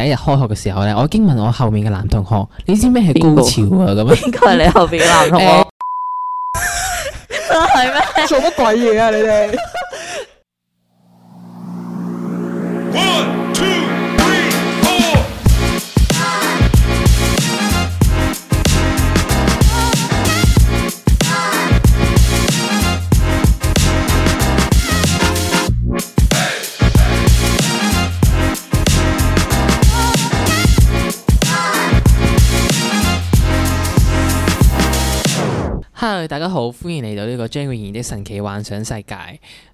第一日開學嘅時候咧，我已經問我後面嘅男同學，你知咩係高潮啊？咁應該係你後邊嘅男同學，係咩、欸？ 做乜鬼嘢啊？你哋。 啊大家好，歡迎嚟到呢，這個張穎賢的神奇幻想世界。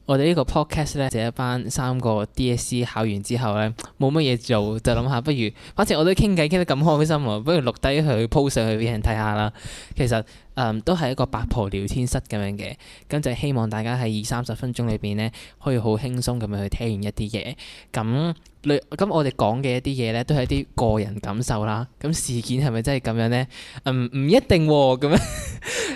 我哋呢個 podcast 咧，就是，一班三個 DSE 考完之後咧，冇乜嘢做，就諗下不如，反正我都傾偈傾得咁開心喎，啊，不如錄低佢 po 上去俾人睇下啦。其實誒，嗯，都係一個八婆聊天室咁樣嘅，咁就希望大家喺二三十分鐘裏邊咧，可以好輕鬆咁樣去聽完一啲嘢。咁咁我哋講嘅一啲嘢呢，都係一啲個人感受啦。咁事件係咪真係咁樣呢？嗯，唔一定喎。咁樣，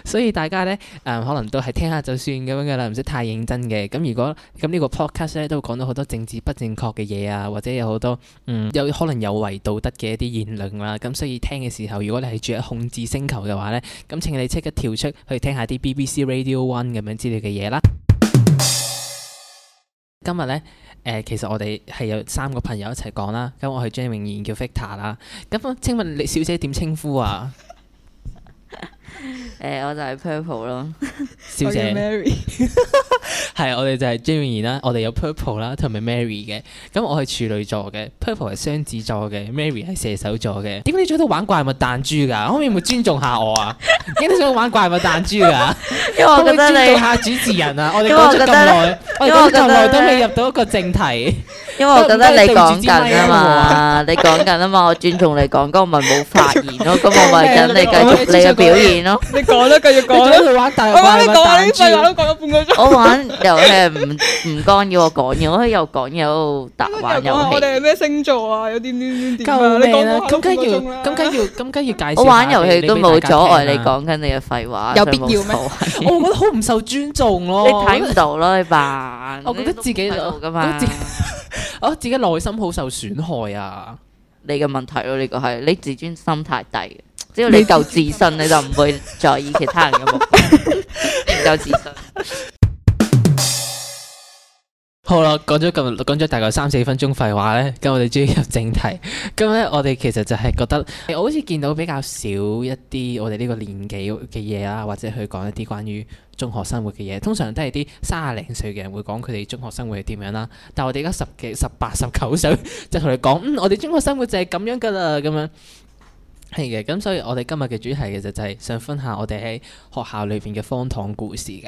所以大家呢，誒，可能都係聽下就算咁樣噶啦，唔使太認真嘅。咁如果咁呢個 podcast 呢，都講到好多政治不正確嘅嘢啊，或者有好多，嗯，有可能有違道德嘅一啲言論啦。咁所以聽嘅時候，如果你係住喺控制星球嘅話呢，咁請你即刻跳出去聽下啲 BBC Radio One 咁樣之類嘅嘢啦。今日呢。誒、呃，其實我哋係有三個朋友一齊講啦，咁我係張穎賢叫 Victa 啦，咁請問你小姐點稱呼啊？誒、 呃，我就係 Purple 咯，小姐。 Are you Mary? 係，我哋就係 Jenny 啦，我哋有 Purple 啦，同埋 Mary 嘅。咁我係處女座嘅，Purple 係雙子座嘅，Mary 係射手座嘅。點解你仲喺度玩怪物彈珠噶？可唔可以唔尊重下我啊？點解你仲玩怪物彈珠噶？ 因為我覺得你可唔可以尊重下主持人啊！ 我哋講咗咁耐， 我哋講咗咁耐都未入到一個正題。 因為我覺得你講緊啊嘛，你講緊啊嘛，我尊重你講，咁我咪冇發言咯，咁我咪等你繼續你嘅表演咯。你講得繼續講咯，我玩又唔唔干擾我講嘢，我又講又答玩又。我哋係咩星座啊？有啲啲啲啲啊！救命啊！咁緊要咁緊要咁緊要介紹。我玩遊戲都冇阻礙你講緊你嘅廢話，有必要咩？我覺得好唔受尊重咯。你睇唔到咯，你扮。我覺得自己就咁啊。我、哦、自己內心好受損害啊！你嘅問題咯，啊，呢、呢個係你自尊心太低，只要你夠自信， 你就唔會在意其他人嘅目光。唔 夠自信。 好啦，講咗咁，講咗大概三四分鐘廢話咧，咁我哋終於入正題。咁咧，我哋其實就係覺得，我好似見到比較少一啲我哋呢個年紀嘅嘢啦，或者去講一啲關於中學生活嘅嘢。通常都係啲三十零歲嘅人會講佢哋中學生活係點樣啦。但係我哋而家十幾、十八、十九歲，就同你講，嗯，我哋中學生活就係咁樣噶啦，咁樣係嘅。咁所以，我哋今日嘅主題其實就係想分享我哋喺學校裏邊嘅荒唐故事嘅。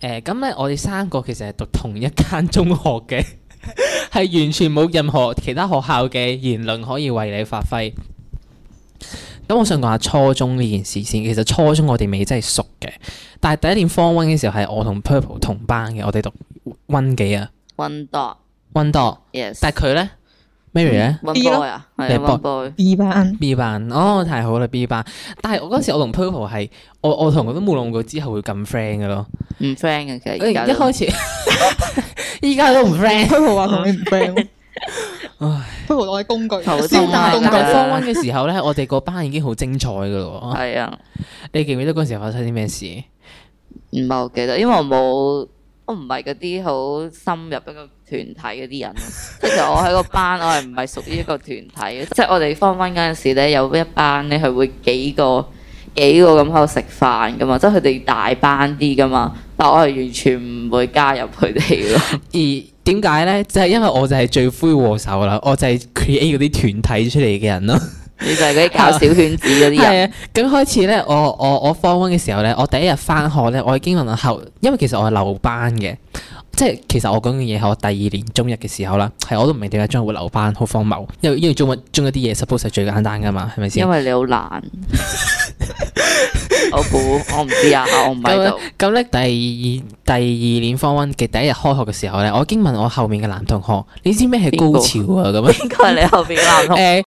誒，咁咧、嗯、我哋三個其實係讀同一間中學嘅，係完全冇任何其他學校嘅言論可以為你發揮。咁我想講下初中呢件事先，其實初中我哋未真係熟嘅，但係第一年方 o 嘅時候係我同 Purple 同班嘅，我哋讀幾 One 幾啊 o 度 e 多 y e s, One dog . S, Yes . 但係佢咧。mary 咧，B 班，B 班，哦，太好啦，B 班。但係我嗰時我同 purple 係，我我同佢都冇諗過之後會咁 friend 噶咯，唔 friend 嘅，其實而一開始，依家都唔 friend。purple 話同你唔 friend，唉，purple 都係工具。頭先但係方温嘅時候咧，我哋嗰班已經好精彩噶咯。係啊，你記唔記得嗰時發生啲咩事？唔係，我記得，因為我冇，我唔係嗰啲好深入團體嗰啲人咯，即係我喺個班， 我係唔係屬於一個團體嘅，即係我哋方翻嗰陣時咧，有一班咧係會幾個幾個咁喺度食飯噶嘛，即係佢哋大班啲噶嘛，但我係完全唔會加入佢哋咯。 而點解咧？就係、是、因為我就係罪魁禍首啦，我就係 create 嗰啲團體出嚟嘅人咯。 你就係嗰啲搞小圈子嗰啲人。咁、 嗯啊、開始咧，我我我放溫嘅時候咧，我第一日返學咧，我已經問我後，因為其實我係留班嘅，即係其實我講嘅嘢係我第二年中一嘅時候啦。係我都唔明點解中一會留班，好荒謬。因為因為中一中一啲嘢 suppose 係最簡單噶嘛，係咪先？因為你好懶。 我估我唔知啊，我唔知道。咁咧，第二第二年放溫嘅第一日開學嘅時候咧，我已經問我後面嘅男同學，你知咩係高潮啊？咁應該係你後邊男同學。 欸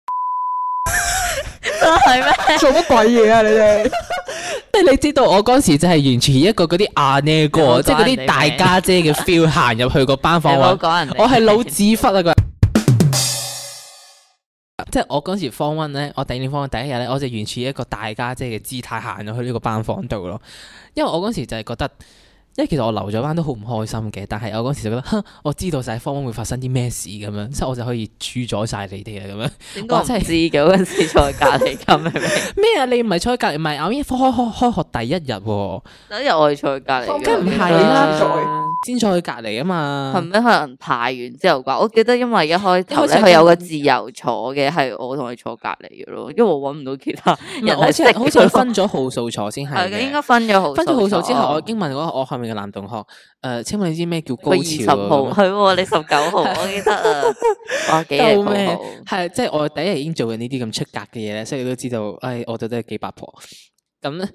係咩？ 做乜鬼嘢啊！ 你哋即係你知道我嗰時就係完全一個嗰啲阿咩哥，即係嗰啲大家姐嘅 feel 行入去個班房温。 我係腦子忽啊個！即係我嗰時方温咧，我頂你方温第一日咧，我就完全一個大家姐嘅姿態行入去呢個班房度咯。因為我嗰時就係覺得。因為其實我留咗班都好唔開心嘅，但係我嗰時就覺得，哼，我知道就方方會發生啲咩事咁樣，即係我就可以主宰晒你哋啊咁樣。哇， 真係自己嗰陣時坐喺隔離咁，係咩啊？你唔係坐喺隔離，唔係我已經開開開學第一日喎、啊。第一日我係坐喺隔離嘅。梗唔係啦，先坐佢隔籬啊嘛，係咪可能排完之後啩，我記得因為一開頭咧佢有個自由坐嘅，係我同佢坐隔籬嘅咯，因為我搵唔到其他人係識嘅，好似佢分咗號數坐先係，係嘅， 應該分咗號數。分咗號數之後，我已經問嗰我後面嘅男同學，誒、呃，請問你知咩叫高潮？十號，係喎、哦，你十九號， 我記得啊， 幾日九係，即係、 就是、我第一日已經做緊呢啲咁出格嘅嘢，所以你都知道，誒、哎，我就真係幾八婆。咁咁、嗯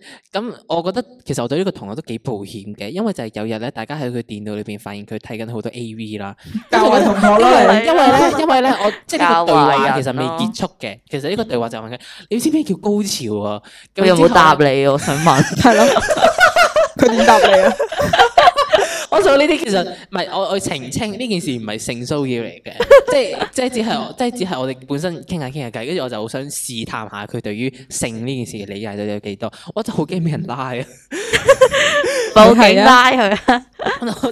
嗯，我覺得其實我對呢個同學都幾抱歉嘅，因為就係有日咧，大家喺佢電腦裏邊發現佢睇緊好多 A V 啦。教嘅同學咯， 因為咧， 因為咧，我即係呢個對話其實未結束嘅。其實呢個對話就係問佢：你知咩叫高潮啊？佢有冇答你？ 我想問。係咯，佢點答你啊？ 我想呢啲其實唔係我，我澄清呢件事唔係性騷擾嚟嘅，即係即係只係即係只係我哋本身傾下傾下偈，跟住我就好想試探下佢對於性呢件事嘅理解到有幾多，我就真係好驚俾人拉啊，冇係拉佢啊，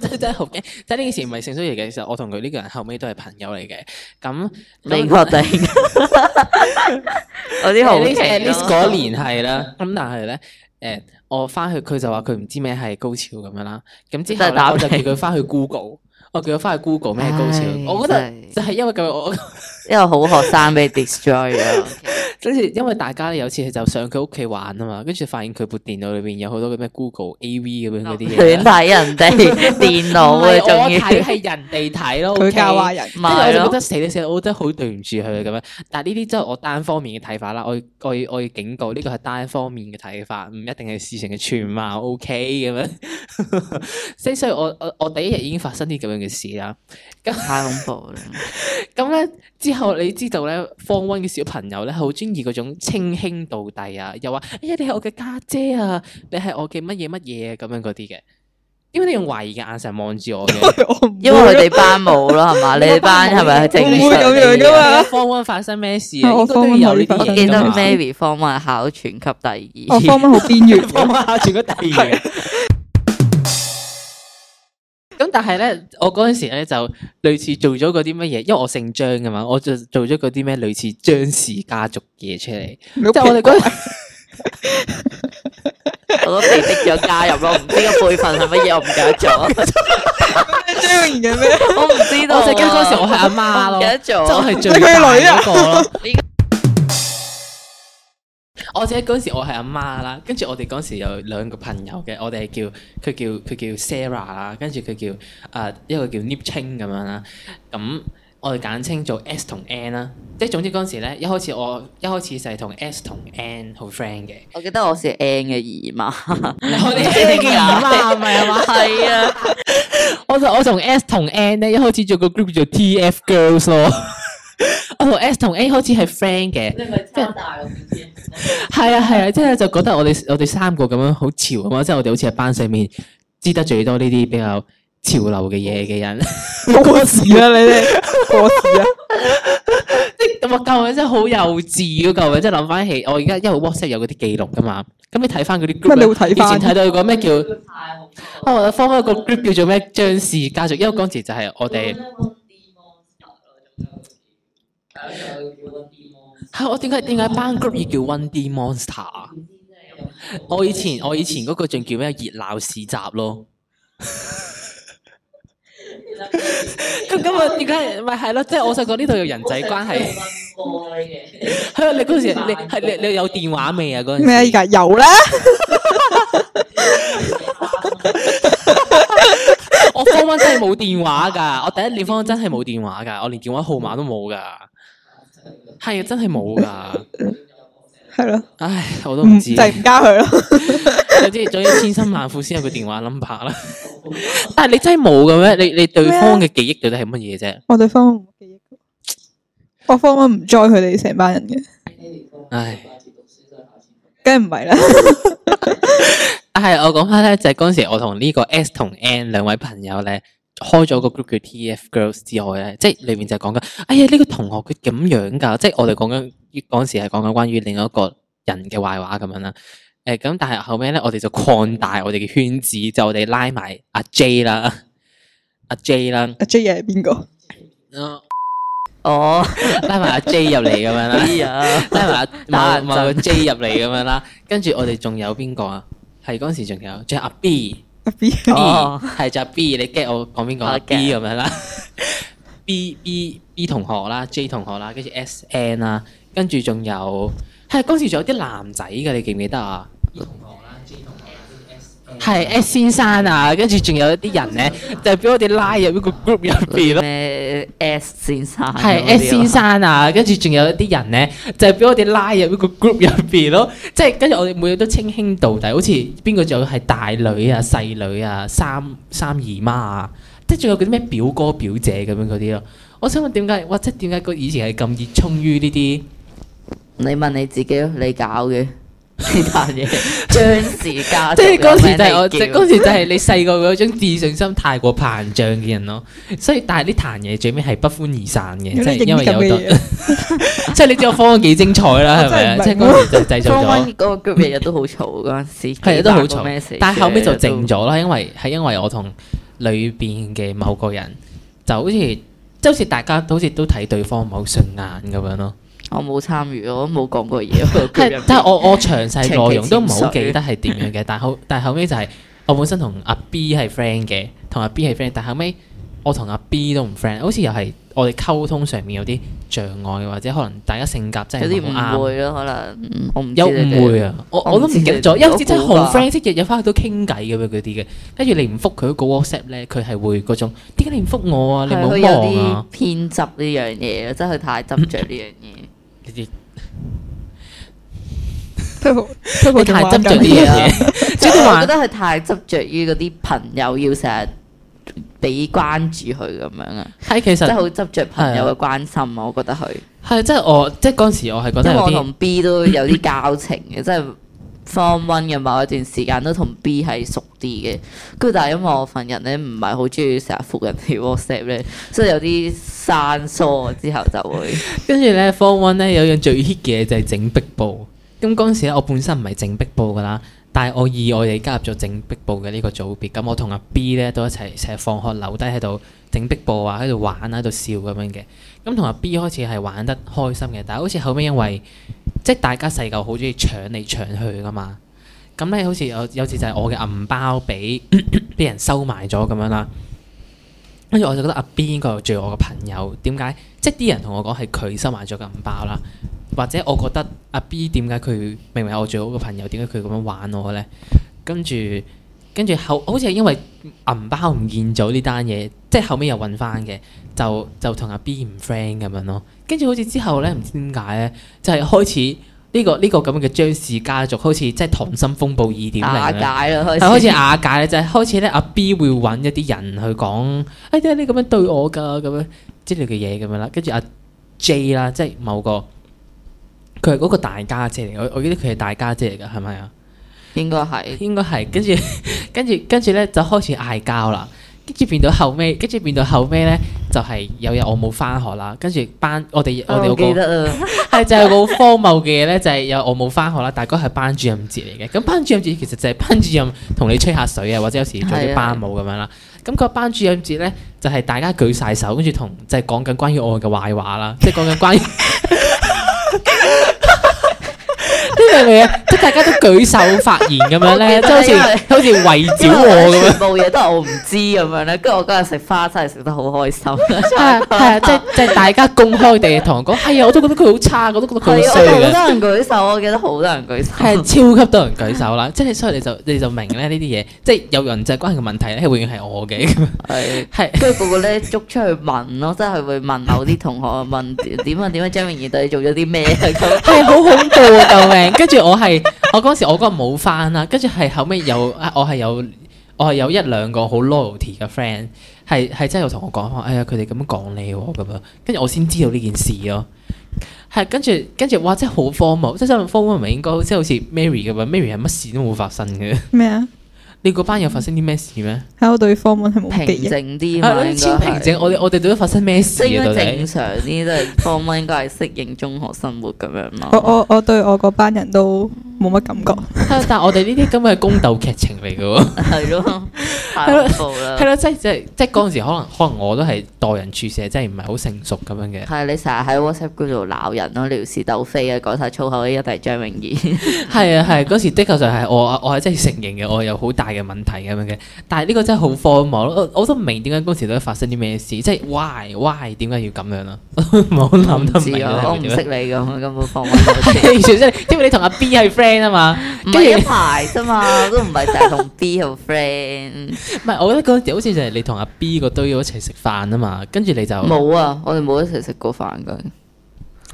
真真好驚！即係呢件事唔係性騷擾嚟嘅時候，我同佢呢個人後尾都係朋友嚟嘅，咁未確定，有 啲 好奇些啦，嗰聯繫啦，咁但係咧誒。我翻去佢就話佢唔知咩係高潮咁樣啦，咁之後我就叫佢翻去 Google，我叫佢翻去 Google 咩係高潮？我覺得就係因為咁樣我。 一個好學生俾 destroy 啊！跟住因為大家有次就上佢屋企玩啊嘛，跟住發現佢部電腦裏邊有好多嗰咩 Google AV 咁樣嗰啲嘢，亂睇、哦、人哋電腦啊！仲要我睇係人哋睇咯，佢教壞人，咪咯。我就覺得死死，我覺得好對唔住佢咁樣。但係呢啲真係我單方面嘅睇法啦，我我我要警告呢個係單方面嘅睇法，唔一定係事情嘅全貌。OK 咁樣，即 係所以我我我第一日已經發生啲咁樣嘅事啦，咁太恐怖啦！咁咧。 之後你知道咧，方溫嘅小朋友咧，好中意嗰種稱兄道弟啊，又話：哎呀，你係我嘅家姐，姐啊，你係我嘅乜嘢乜嘢咁樣嗰啲嘅。因為你用懷疑嘅眼神望住我嘅， 因為佢哋班冇咯，係嘛？你哋班係咪？唔會咁樣噶嘛？方溫發生咩事啊？我都有呢啲。我記得 Mary 方溫考全級第二。方溫好邊緣。方溫考全級第二。 但係咧，我嗰陣時咧就類似做咗嗰啲乜嘢，因為我姓張噶嘛，我就做咗嗰啲咩類似張氏家族嘢出嚟。即係我哋嗰時，我都被逼咗加入咯，唔知個輩份係乜嘢，我唔記得咗。張氏嘅咩？我唔知道。我就係嗰時我係阿媽咯，記得做，即係最靚女嗰個咯。我記得嗰陣時我媽媽，我係阿媽啦，跟住我哋嗰時有兩個朋友嘅，我哋係叫佢叫佢叫，叫 Sarah 啦，跟住佢叫啊一個叫 Nip Ching 咁樣啦，咁、嗯、我哋簡稱做 S 同 N 啦，即係總之嗰陣時咧，一開始我一開始就係同 S 同 N 好 friend 嘅。我記得我是 N 嘅姨媽，我哋係你嘅姨媽，係咪啊？係啊，我從我從 S 同 N 咧一開始做個 group 叫 TF Girls 咯。我同 S 同 A 好似係 friend 嘅，嗯、即係大係啊係啊，即係、啊啊、就是、覺得我哋我哋三個咁樣潮、就是、好潮啊，即係我哋好似係班上面知得最多呢啲比較潮流嘅嘢嘅人。過時啊， 你哋過時啊， 即係舊年真係好幼稚啊，舊年真係諗翻起，我而家因為 WhatsApp 有嗰啲記錄㗎嘛，咁你睇翻嗰啲 group，以前睇到個咩叫，我放開個 group 叫做咩張氏家族，因為當時就係我哋。嗯係我點解點解班 group 要叫 One D Monster 啊？ 我以前我以前嗰個仲叫咩熱鬧市集咯。咁 今日點解咪係咯？即係我想講呢度有人際關係。你 嗰 時你係你你有電話未啊？嗰陣咩噶有啦。我方 win 真係冇電話噶，我第一年方 win 真係冇電話噶，我連電話號碼都冇噶。係啊，真係冇噶，係咯 的，唉，我都唔知，就係、是、唔加佢咯。總之，總之千辛萬苦先有個電話 number 啦。 但係你真係冇嘅咩？你你對方嘅記憶到底係乜嘢啫？我對方唔記憶，我方我唔載佢哋成班人嘅。唉，梗係唔係啦。但 係 我講翻咧，就係、是、嗰時我同呢個 S 同 N 兩位朋友咧。開咗個 group 叫 TF Girls 之外咧，即係裏面就講緊，哎呀呢、這個同學佢咁樣噶，即係我哋講緊嗰陣時係講緊關於另外一個人嘅壞話咁樣啦。誒、呃，咁但係後尾咧，我哋就擴大我哋嘅圈子，就我哋拉埋阿、啊、J 啦，阿、啊、J 啦，阿、啊、J 又係邊個？哦、啊，哦，拉埋阿、啊、J 入嚟咁樣啦、 啊，拉埋阿望個 J 入嚟咁樣啦，跟住我哋仲有邊個啊？係嗰陣時仲有，仲有阿 B。B 哦，係就 B，你 get 我講邊個？B 咁樣啦，B B B 同學啦，J 同學啦，跟住 S N 啦，跟住仲有，係當時仲有啲男仔嘅，你記唔記得啊？係 S, S 先生啊，跟住仲有一啲人咧，就係、是、俾我哋拉入呢個 group 入邊咯。S 先生，係 S 先生啊，生啊跟住仲有一啲人咧，就係、是、俾我哋拉入呢個 group 入邊咯。即、就、係、是、跟住我哋每日都稱兄道弟，好似邊個仲有係大女啊、細女啊、三三姨媽啊，即係仲有嗰啲咩表哥表姐咁樣嗰啲咯。我想問點解？哇！即係點解佢以前係咁熱衷於呢啲？你問你自己咯，你搞嘅。呢壇嘢，張氏 家族即係嗰時就係我，即係嗰時就係你細個嗰種自信心太過膨脹嘅人咯，所以但係呢壇嘢最尾係不歡而散嘅，即係因為有咗，即係你知道我方彎幾精彩啦，係咪 啊？即係我製造咗，個腳日日都好嘈嗰陣時，係啊都好嘈，但係後尾就靜咗啦， 因為係因為我同裏邊嘅某個人就好似即好似大家都好似都睇對方唔順眼咁樣咯。我冇參與，我都冇講過嘢。即 但係我我詳細內容都唔好記得係點樣嘅。 但後但係後尾就係、是、我本身同阿 B 係 friend 嘅，同阿 B 係 friend。但後尾我同阿 B 都唔 friend，好似又係我哋溝通上面有啲障礙，或者可能大家性格真係有啲誤會咯、啊。可能我唔會啊！我我都唔記得咗，因為之前好 friend，即日日翻去都傾偈嘅咩嗰啲嘅。跟住你唔覆佢個 WhatsApp 咧，佢係會嗰種點解你唔覆我啊？是你唔好忘啊！偏執呢樣嘢，真係太執著呢樣嘢。 都都 太執着啲嘢！即 係我覺得佢太執着於嗰啲朋友要成日俾關注佢咁樣啊。係其實即係好執着朋友嘅關心啊。對我覺得佢係即係我即係嗰時我係覺得我同 B 都有啲交情嘅，即係。Form One 嘅某一段時間都同 B 係熟啲嘅，跟住但係因為我份人咧唔係好中意成日覆人哋 WhatsApp 咧，所以有啲散疏之後就會。 跟住咧 Form One 咧有樣最 hit 嘅嘢就係、是、整壁布，咁、嗯、嗰時咧我本身唔係整壁布噶啦，但係我意外地加入咗整壁布嘅呢個組別，咁、嗯、我同阿 B 咧都一齊成日放學留低喺度整壁布啊，喺度玩啊，喺度笑咁樣嘅。咁、嗯、同阿 B 開始係玩得開心嘅，但係好似後尾因為。即係大家細個好中意搶嚟搶去㗎嘛，咁咧好似有有次就係我嘅銀包俾啲 人收埋咗咁樣啦，跟住我就覺得阿 B 應該係最愛我嘅朋友，點解？即係啲人同我講係佢收埋咗個銀包啦，或者我覺得阿 B 點解佢明明係我最好嘅朋友，點解佢咁樣玩我咧？跟住跟住後好似係因為銀包唔見咗呢單嘢，即係後尾又搵返嘅。就就同阿 B 唔 friend 咁樣咯，跟住好似之後咧，唔知點解咧，就係開始呢個呢個咁嘅張氏家族，好似，即係溏心風暴二點零啊！開始，開始瓦解咧，就係開始咧，阿 B 會揾一啲人去講，哎，點解你咁樣對我噶咁樣之類嘅嘢咁樣啦，跟住阿 J 啦，即係某個佢係嗰個大家姐嚟，我我記得佢係大家姐嚟噶，係咪啊？應該係，應該係。跟住跟住跟住咧，就開始嗌交啦。跟住變到後尾，跟住變到後尾咧，就係、是、有日我冇翻學啦。跟住班我哋我哋好記得係 就係個好荒謬嘅嘢咧，就係、是、有我冇翻學啦。大哥係班主任節嚟嘅。咁班主任節其實就係班主任同你吹下水啊，或者有時做啲班舞咁是的 樣啦。咁個班主任節咧就係、是、大家舉晒手，跟住同就係、是、講緊關於我嘅壞話啦，即係講緊關於。 即係大家都舉手發言咁樣咧，即好似好似圍剿我咁樣，冇嘢都係我唔知咁樣咧。跟住我嗰日食花生係食得好開心，係即係即係大家公開地同我講，係啊，我都覺得佢好差，我都覺得佢好衰，好多人舉手，我記得好多人舉手，係超級多人舉手啦。即係所以你就你就明咧呢啲嘢，即係有人際關係嘅問題咧，永遠係我嘅。係係，跟住個個咧捉出去問咯，即係會問某啲同學問點樣點樣，張穎賢對你做咗啲咩？係好恐怖啊，救命！ 跟住我係，我嗰時我嗰個冇翻啦，跟住係後尾有，我係有，我係有一兩個好 loyalty 嘅 friend，係係真係有同我講話，哎呀佢哋咁講你咁樣，跟住我先知道呢件事咯。係，跟住跟住，哇真係好 f o 荒謬，即係真係荒謬，唔係應該即係好似 Mary 咁樣？Mary 係乜事都冇發生嘅咩啊？你嗰班有發生啲咩事咩？喺我對方文係冇平靜啲、啊、平靜。我我哋到底發生咩事啊？正，正常啲都係方文，應該係適應中學生活咁樣咯。 我我我對我嗰班人都冇乜感覺。 但係我哋呢啲咁嘅宮鬥劇情嚟嘅喎。係咯， 係咯，係咯、 就是就是就是，即係即係即係嗰陣時，可能可能我都係待人處事，即係唔係好成熟咁樣嘅。係 你成日喺 WhatsApp 嗰度鬧人咯，撩事鬥非啊，講晒粗口嘅一定係張穎賢。係啊係，嗰時的確就係我我係真係承認嘅，我有好大。嘅問題咁樣嘅，但係呢個真係好荒謬咯！我我都唔明點解嗰時都發生啲咩事，即係 why why 點解要咁樣咯？冇諗得明，我唔識你咁咁樣荒謬嘅事，完全即係因為你同阿 B 係 friend 啊嘛，跟住一排啫嘛，都唔係就係同 B 係 friend。唔係，我覺得嗰時好似就係你同阿 B 個堆要一齊食飯啊嘛，跟住你就冇啊！我哋冇一齊食過飯嘅。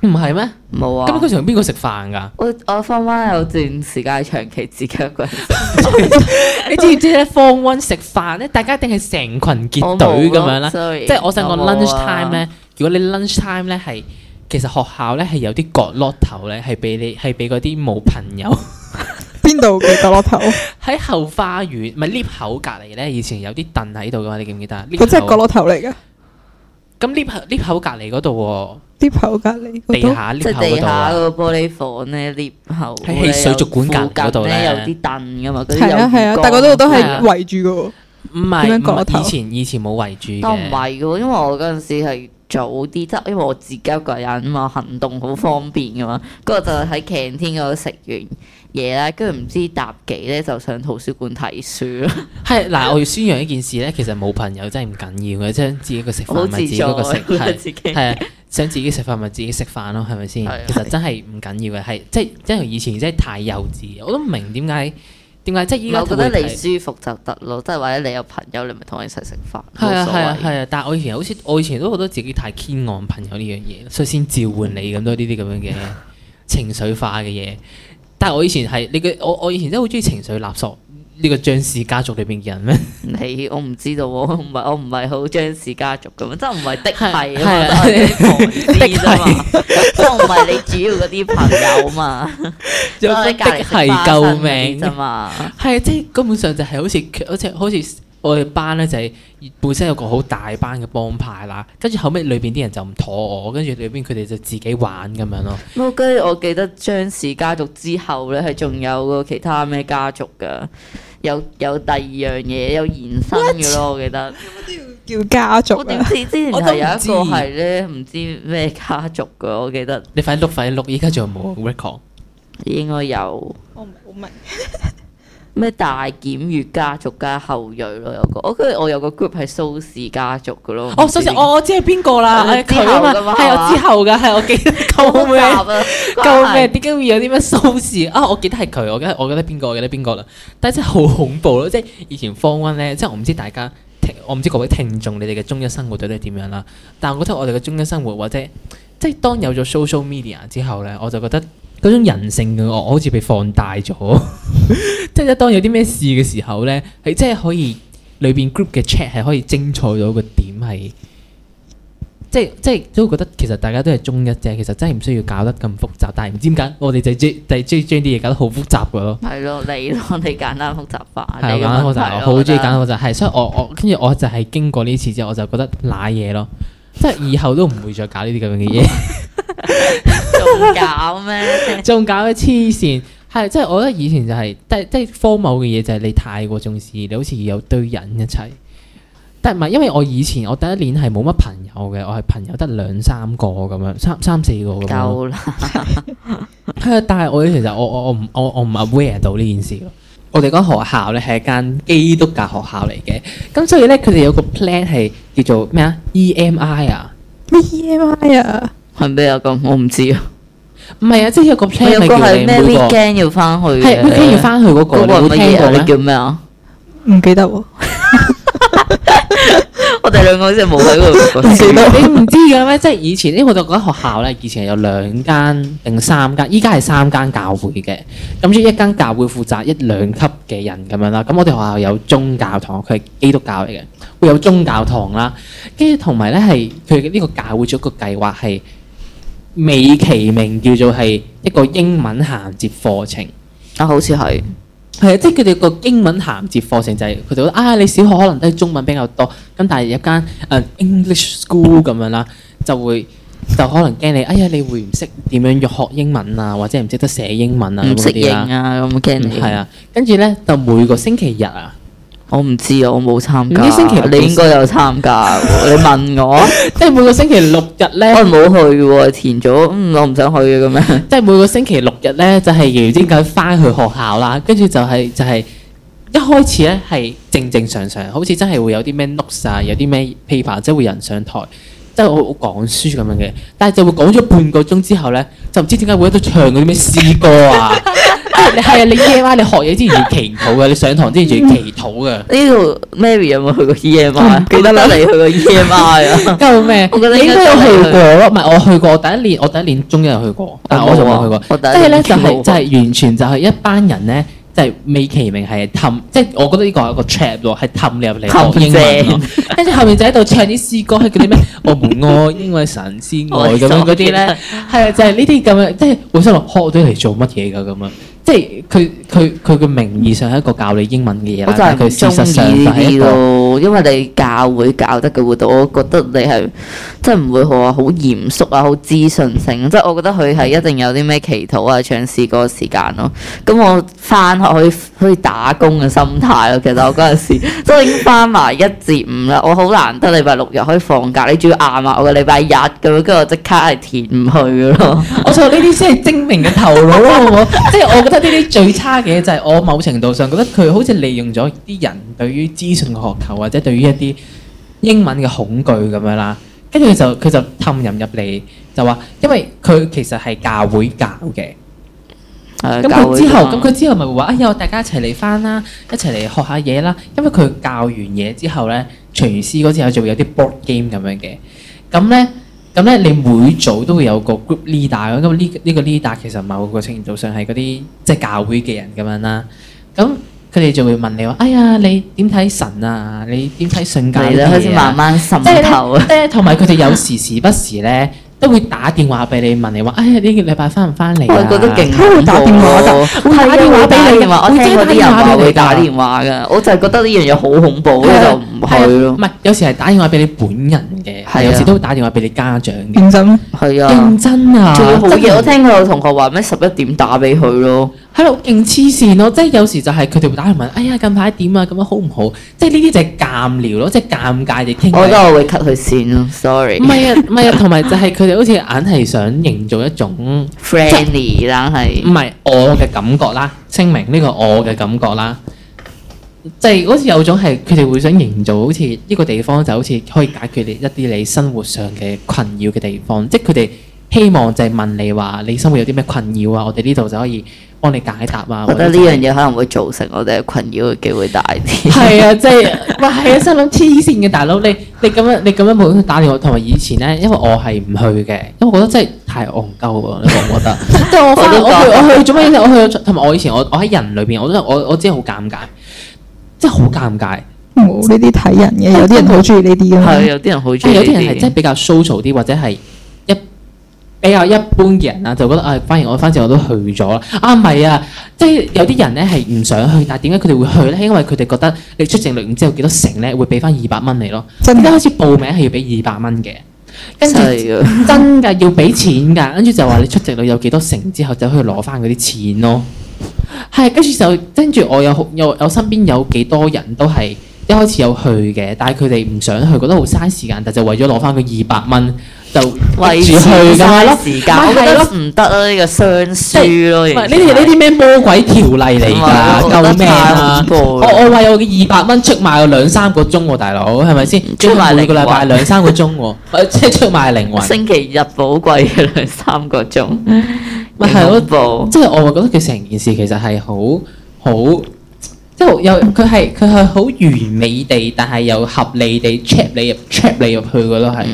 唔係咩？冇啊！咁佢同邊個食飯噶？我我方 w i 有段時間長期自虐鬼。 你知唔知咧？方 w 食飯咧，大家一定係成群結隊咁樣啦。即係是以我想講 lunch time 咧，如果你 lunch time 咧係，其實學校咧係有啲角落頭咧，係俾你係俾嗰啲冇朋友。邊度嘅角落頭？喺 後花園唔係 lift 口隔籬咧？以前有啲凳喺度嘅話，你記唔記得？嗰即係角落頭嚟嘅。咁 lift lift 口隔籬嗰度喎。啲口隔離，地下呢都地下個玻璃房咧，lift 口，喺水族館隔嗰度咧，的有啲凳噶嘛，大家都係圍住嘅。唔係，唔係，以前以前冇圍住。都唔係嘅，因為我嗰陣時係早啲，即係因為我自己一個人嘛，行動好方便嘅嘛，嗰個就喺 canteen 嗰度食完。嘢啦，跟住唔知搭幾咧，就上圖書館睇書咯。係嗱， 我要宣揚一件事咧，其實冇朋友真係唔緊要嘅，即係自己個食飯咪自己嗰個食係啊，想自己食飯咪自己食飯咯，係咪先？是的 其實真係唔緊要嘅，係即係因為以前真係太幼稚，我都唔明點解點解即係依家。我覺得你舒服就得咯，即係或者你有朋友，你咪同我一齊食飯。係啊係啊係啊，但係我以前好似我以前都覺得自己太偏岸，朋友呢樣嘢，所以先召喚你咁多呢啲咁樣嘅情緒化嘅嘢。但係我以前係你嘅我我以前真係好鍾意情緒勒索，呢個張氏家族裏邊嘅人咩？你我唔知道喎，唔係我唔係好張氏家族咁，真唔係的係咯，啲旁枝啫嘛，都唔係你主要嗰啲朋友嘛，喺隔離係 有救命啫嘛，係即根本上就係好似而且好似。我哋班咧就係本身有個好大班嘅幫派啦，跟住後尾裏邊啲人就唔妥我，跟住裏邊佢哋就自己玩咁樣咯。我記我記得張氏家族之後咧，係仲有個其他咩家族噶？有有第二樣嘢有延伸嘅咯，我記得。我都要叫家族。我點知之前係有一個係咧，唔知咩家族噶？我記得。你快啲錄，快啲錄，依家仲有冇 record？應該有。我唔係好明。 咩大檢閱家族加後裔咯，有個我跟住我有個 group 係蘇氏家族嘅咯。哦，蘇氏，我我知係邊個啦，係佢、嗯、他嘛，係後之後嘅，係 我記得。救命啊！救命 麼！點解係會有啲咩蘇氏啊？我記得係佢，我記得我記得邊個，記得邊個啦。但係真係好恐怖咯，即係以前方温咧，即係我唔知大家，我唔知各位聽眾你哋嘅中一生活到底係點樣啦。但係我覺得我哋嘅中一生活或者即係當有咗 social media 之後咧，我就覺得。嗰種人性嘅我，好似被放大咗，即係一當有啲咩事嘅時候咧，係即係可以裏邊 group 嘅 check 係可以精彩到個點係，即係即係都覺得其實大家都係中一啫，其實真係唔需要搞得咁複雜，但係唔知點解我哋就中意將啲嘢搞得好複雜嘅咯。係咯，你咯，我哋簡單複雜化，係 簡單複雜，好中意簡單複雜，係覺，所以我我跟住我就係經過呢次之後，我就覺得瀨嘢咯。即係以後都唔會再搞呢啲咁樣嘅嘢，仲 搞咩？仲搞咩？黐線！係即係我覺得以前就係、是，即係即係荒謬嘅嘢就係你太過重視，你好似有堆人一齊。但係唔係，因為我以前我第一年係冇乜朋友嘅，我係朋友得兩三個咁樣，三三四個咁。夠啦夠了。係啊， 但係我其實我我我唔我我唔 aware 到呢件事我哋嗰間學校咧係一間基督教學校嚟嘅，咁所以咧佢哋有個 plan 係叫做咩啊？EMI 啊？咩 EMI 啊？係咪有個？咁我唔知啊，唔係啊，即係有個 plan，有個係 Mary Jane 要翻去，係 Mary Jane 要翻去嗰個，嗰個叫咩啊？唔記得喎。我哋兩個真係冇喎， 你唔知嘅咩？即係 以前，因為我就覺得學校咧以前係有兩間定三間，依家係三間教會嘅。咁即係一間教會負責一兩級嘅人咁樣啦。咁我哋學校有宗教堂，佢係基督教嚟嘅，會有宗教堂啦。跟住同埋咧係佢呢個教會做一個計劃係美其名叫做係一個英文銜接課程啊，好似係。係啊，即係佢哋個英文銜接課程就係佢哋覺得：「哎呀，你小學可能都係中文比較多，咁但係有一間誒 English school 咁樣啦，就會就可能驚你，哎呀你會唔識點樣學英文啊，或者唔識得寫英文啊嗰啲啊，唔適應啊咁驚你。係啊，跟住咧就每個星期日啊。我唔知啊，我冇參加。星期六你應該有參加， 你問我。即係每個星期六日呢，我冇去喎。填咗，嗯，我唔想去嘅咁樣。 即係每個星期六日呢，就係然之咁返去學校啦。跟住就係、是、就係、是、一開始呢，係正正常常，常，好似真係會有啲咩 note 啊，有啲咩 paper，即係會有人上台，即係好好講書咁樣嘅。但係就會講咗半個鐘之後呢，就唔知點解會喺度唱嗰啲咩詩歌啊？ 係啊，你 E.M.I. 你學嘢之前要祈禱嘅，你上堂之前要祈禱嘅。呢度 Mary 有冇去過 E.M.I. 記得啦，你去過 E.M.I. 啊？夠咩？我覺得應該去過咯，唔係我去過。第一年，我第一年中一又去過，但係我仲冇去過。即係咧，就係就係完全就係一班人咧，即係美其名係氹，即係我覺得呢個係個 trap 喎，係氹你學英文。跟住後面就喺度唱啲詩歌，係嗰啲咩？我唔愛英文神仙愛咁樣嗰啲咧，係啊，就係呢啲咁嘅，即係本身諗學都嚟做乜嘢噶咁啊！即係佢佢佢嘅名義上係一個教你英文嘅嘢，但係佢事實上就係一個。因為你教會教得嘅活動，我覺得你係真係唔會話好嚴肅啊，好資訊性，即係我覺得佢係一定有啲咩祈禱啊、唱詩嗰個時間咯。咁、嗯、我翻學可以可以打工嘅心態咯。其實我嗰陣時即 已經翻埋一至五啦，我好難得禮拜六日可以放假，你仲要壓埋我個禮拜日咁樣，跟住我即刻係填唔去咯。我錯呢啲先係精明嘅頭腦咯，好好 即係我覺得呢啲最差嘅就係我某程度上覺得佢好似利用咗啲人對於資訊嘅渴求。或者對於一啲英文嘅恐懼咁樣啦，跟住就佢就氹人入嚟，就話因為佢其實係教會教嘅，咁佢、嗯、之後咁佢之後咪會話：哎呀，大家一齊嚟返啦，一齊嚟學下嘢啦。因為佢教完嘢之後咧，隨後嗰之後就會有啲 board game 咁樣嘅。咁咧，咁咧，你每組都會有個 group leader，咁呢呢個 leader 其實某個程度上係嗰啲即係教會嘅人咁樣啦。咁佢哋就會問你話：哎呀，你點睇神啊？你點睇信教啲嘢啊？慢慢滲透。即同埋佢哋有時時不時咧，都會打電話俾你問你話：哎呀，呢個禮拜翻唔翻嚟啊？佢都勁打電話打電話俾你話：我聽啲人話會打電話㗎。我就係覺得呢樣嘢好恐怖咯，就唔去咯。唔係，有時係打電話俾你本人嘅，有時都打電話俾你家長嘅。認真？係啊。認真啊！仲好夜，我聽佢有同學話咩十一點打俾佢咯。喺度勁黐線咯！即係有時就係佢哋會打嚟問，哎呀，近排點啊？咁樣好唔好？即係呢啲就係尬聊咯，即係尷尬地傾偈。我覺得我會 cut 佢線咯，sorry。唔 係啊，唔係啊，同埋就係佢哋好似硬係想營造一種 friendly 啦，係。唔係我嘅感覺啦， 清明呢個我嘅感覺啦，即係好似有種係佢哋會想營造好似呢個地方就好似可以解決你一啲你生活上嘅困擾嘅地方，即係佢哋。希望就係問你話你生活有啲咩困擾啊？我哋呢度就可以幫你解答啊！我覺得呢樣嘢可能會造成我哋嘅困擾嘅機會大啲、 嗯。係、就、啊、是，即係哇！係啊，心諗黐線嘅大佬，你你咁樣你咁樣無端端打電話，同埋以前咧，因為我係唔去嘅，因為我覺得真係太戇鳩啊！你覺唔覺得？即係 我我，我去我去做乜嘢？我去同埋我， 我，我以前我我喺人裏邊，我都我我真係好尷尬，真係好尷尬。呢啲睇人嘅，有啲人好中意呢啲嘅。係、嗯，有啲人好中意。有啲人係真係比較 social 啲，或者係。比較一般嘅人啊，就覺得啊，反而我反正我都去咗啦。啊，唔係啊，即係有啲人咧係唔想去，但係點解佢哋會去咧？因為佢哋覺得你出席率唔知有幾多成咧，會俾翻二百蚊你咯。真，一開始報名係要俾二百蚊嘅，跟住真㗎要俾錢㗎。跟住就話你出席率有幾多成之後，就可以攞翻嗰啲錢咯。係，跟住就跟住我有有我身邊有幾多人都係一開始有去嘅，但係佢哋唔想去，覺得好嘥時間，但就為咗攞翻嗰二百蚊。就喂住佢噶咯，唔得唔得啊！呢個雙輸咯，唔係呢啲呢啲咩魔鬼條例嚟㗎，救命啊？我我話有二百蚊出賣我兩三個鐘喎，大佬係咪先出賣靈魂？每個禮拜兩三個鐘喎，即係出賣靈魂。星期日寶貴嘅兩三個鐘，咪係咯，即係我覺得佢成件事其實係好好，即係又佢係佢係好完美地，但係又合理地 trap 你入 trap 你入去嘅咯，係。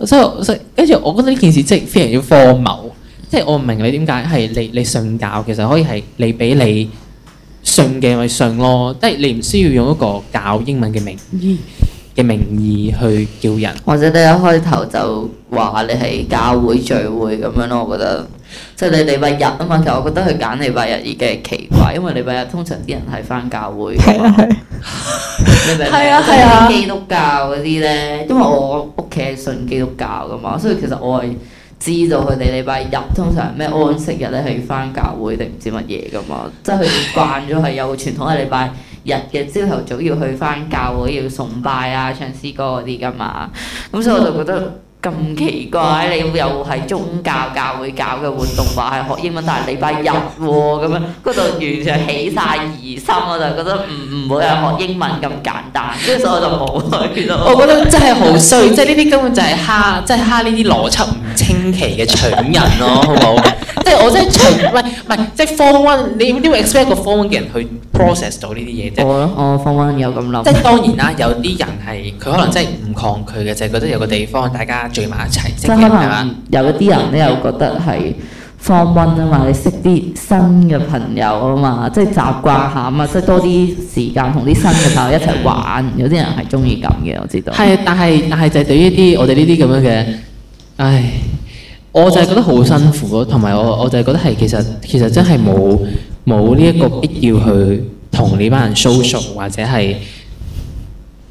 即係，即跟住我覺得呢件事即係非常之荒謬。即係我唔明你點解係你你信教，其實可以係你俾你信嘅咪信咯。即係你唔需要用一個教英文嘅名嘅、嗯、名義去叫人，或者你一開頭就話你係教會聚會咁樣咯，我覺得。即係你禮拜日啊嘛，其實我覺得佢揀禮拜日已經係奇怪，因為禮拜日通常啲人係翻教會嘅，係啊係，係啊係啊，基督教嗰啲咧，因為我屋企係信基督教噶嘛，所以其實我係知道佢哋禮拜日通常咩安息日咧係翻教會定唔知乜嘢噶嘛，即係佢哋慣咗係有傳統嘅禮拜日嘅，朝頭早要去翻教會要崇拜啊唱詩歌嗰啲噶嘛，咁所以我就覺得。咁奇怪，你又係宗教教會搞嘅活動，話係學英文，但係禮拜日喎、啊、咁樣，嗰度完全係起晒疑心，我就覺得唔唔會有學英文咁簡單，跟住，所以我就冇去咯。 我覺得真係好衰，即係呢啲根本就係蝦，即係蝦呢啲邏輯唔清奇嘅蠢人咯，好冇。 即係我即係唔係唔係，即係 form one，你都要 expect 個 form one 嘅人去 process 到呢啲嘢啫。我我 form one 有咁諗。即係當然啦，有啲人係佢可能真係唔抗拒嘅，就係覺得有個地方大家聚埋一齊，即係是識有啲人咧又覺得係 form one 啊嘛，你識啲新嘅朋友啊嘛，即係習慣下啊嘛，即多啲時間同啲新嘅朋友一齊玩。 有啲人係鍾意咁嘅，我知道。係，但係但係就係對呢啲我哋呢啲咁樣嘅，唉。我就係覺得好辛苦咯，同埋我我就係覺得係其實其實真係冇冇呢一個必要去同呢班人 social 或者係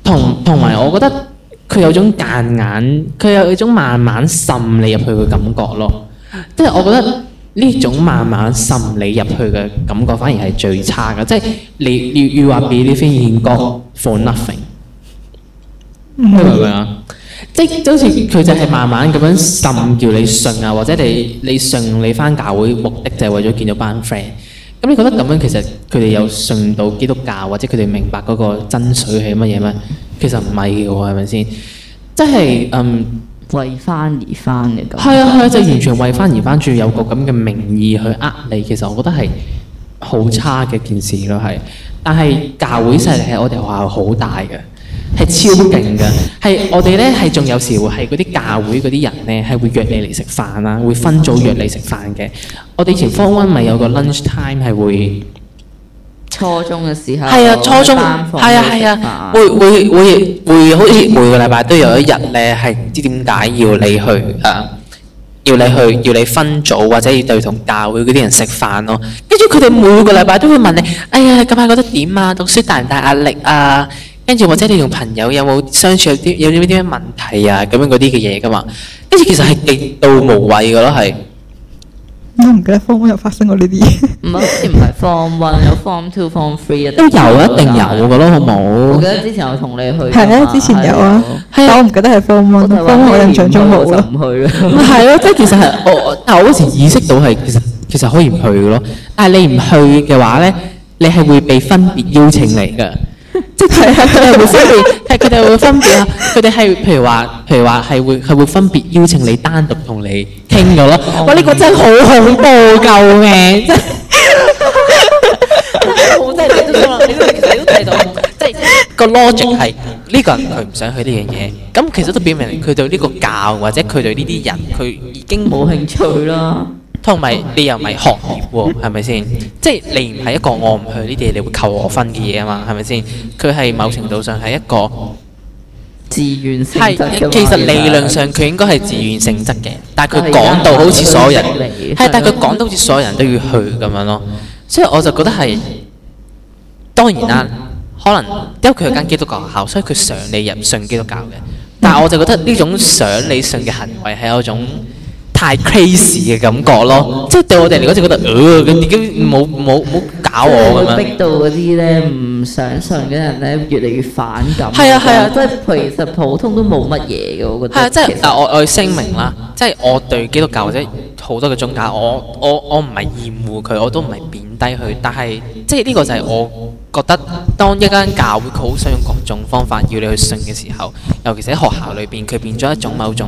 同，同埋我覺得佢有種間眼，佢有種慢慢滲你入去嘅感覺咯。即係我覺得呢種慢慢滲你入去嘅感覺，反而係最差嘅。即係你要要話俾呢啲演角 for nothing。嗯。即就好似佢就係慢慢咁樣滲叫你信啊，或者你你信你返教會目的就係為咗見到班 friend。咁你覺得咁樣其實佢哋有信到基督教或者佢哋明白嗰個真水係乜嘢咩？其實唔係喎，係咪先？即係嗯，為返而返嘅。係啊係啊，就完全為返而返，仲要有個咁嘅名義去呃你。其實我覺得係好差嘅件事咯，係。但係教會勢力喺我哋學校好大嘅。係超勁㗎，係我哋咧係仲有時會係嗰啲教會嗰啲人咧，係會約你嚟食飯啦，會分組約你食飯嘅。我哋以前 form one 咪有個 lunch time 係會初中嘅時候，係啊，初中係啊係啊，會會會會好似每個禮拜都有一日咧，係唔知點解要你去誒，要你去要你分組或者要對同教會嗰啲人食飯咯。跟住佢哋每個禮拜都會問你，哎呀咁係，覺得點啊？讀書大唔大壓力啊？跟住或者你同朋友有冇相處有啲有啲咩問題啊咁樣嗰啲嘅嘢噶嘛？跟住其實係極度無謂㗎囉，係。我唔記得 form one 有發生過呢啲嘢。唔係，之前唔係 form one 有 form two form three。都有啊，一定有㗎囉，好冇。我記得之前有同你去。係啊，之前有啊。係啊，我唔記得係 form one，form one 我印象中冇咯。唔係咯，即係其實係我我嗱嗰時意識到係其實其實可以唔去㗎囉。但係你唔去嘅話咧，你係會被分別邀請嚟㗎。即係係佢哋會分別，係佢哋會分別，佢哋係譬如話，譬如話係會係會分別邀請你單獨同你傾咗咯。哇！呢個真係好恐怖噶，真係。我真係你都你都你都睇到，即係個 logic 係呢個人佢唔想去呢樣嘢，咁其實都表明佢對呢個教或者佢對呢啲人，佢已經冇興趣啦。同埋你又唔係學業喎，係咪先？即係你唔係一個我唔去呢啲你會扣我分嘅嘢啊嘛，係咪先？佢係某程度上係一個自願性質嘅，係其實理論上佢應該係自願性質嘅，但係佢講到好似所有人係，但係佢講到好似所有人都要去咁樣咯，所以我就覺得係當然啦，可能因為佢係間基督教學校，所以佢想你入信基督教嘅，但係我就覺得呢種想你信嘅行為係有一種。太 crazy 嘅感覺咯，即係對我哋嚟講就覺得，誒，點解冇冇冇搞我咁啊？逼到嗰啲咧唔相信嘅人咧，越嚟越反感。係啊係啊，即係其實普通都冇乜嘢嘅，我覺得。係啊，即係但係我我聲明啦，即係我對基督教或者好多嘅宗教，我我我唔係厭惡佢，我都唔係貶低佢，但係即係呢個就係我覺得，當一間教會佢好想用各種方法要你去信嘅時候，尤其是喺學校裏邊，佢變咗一種某種。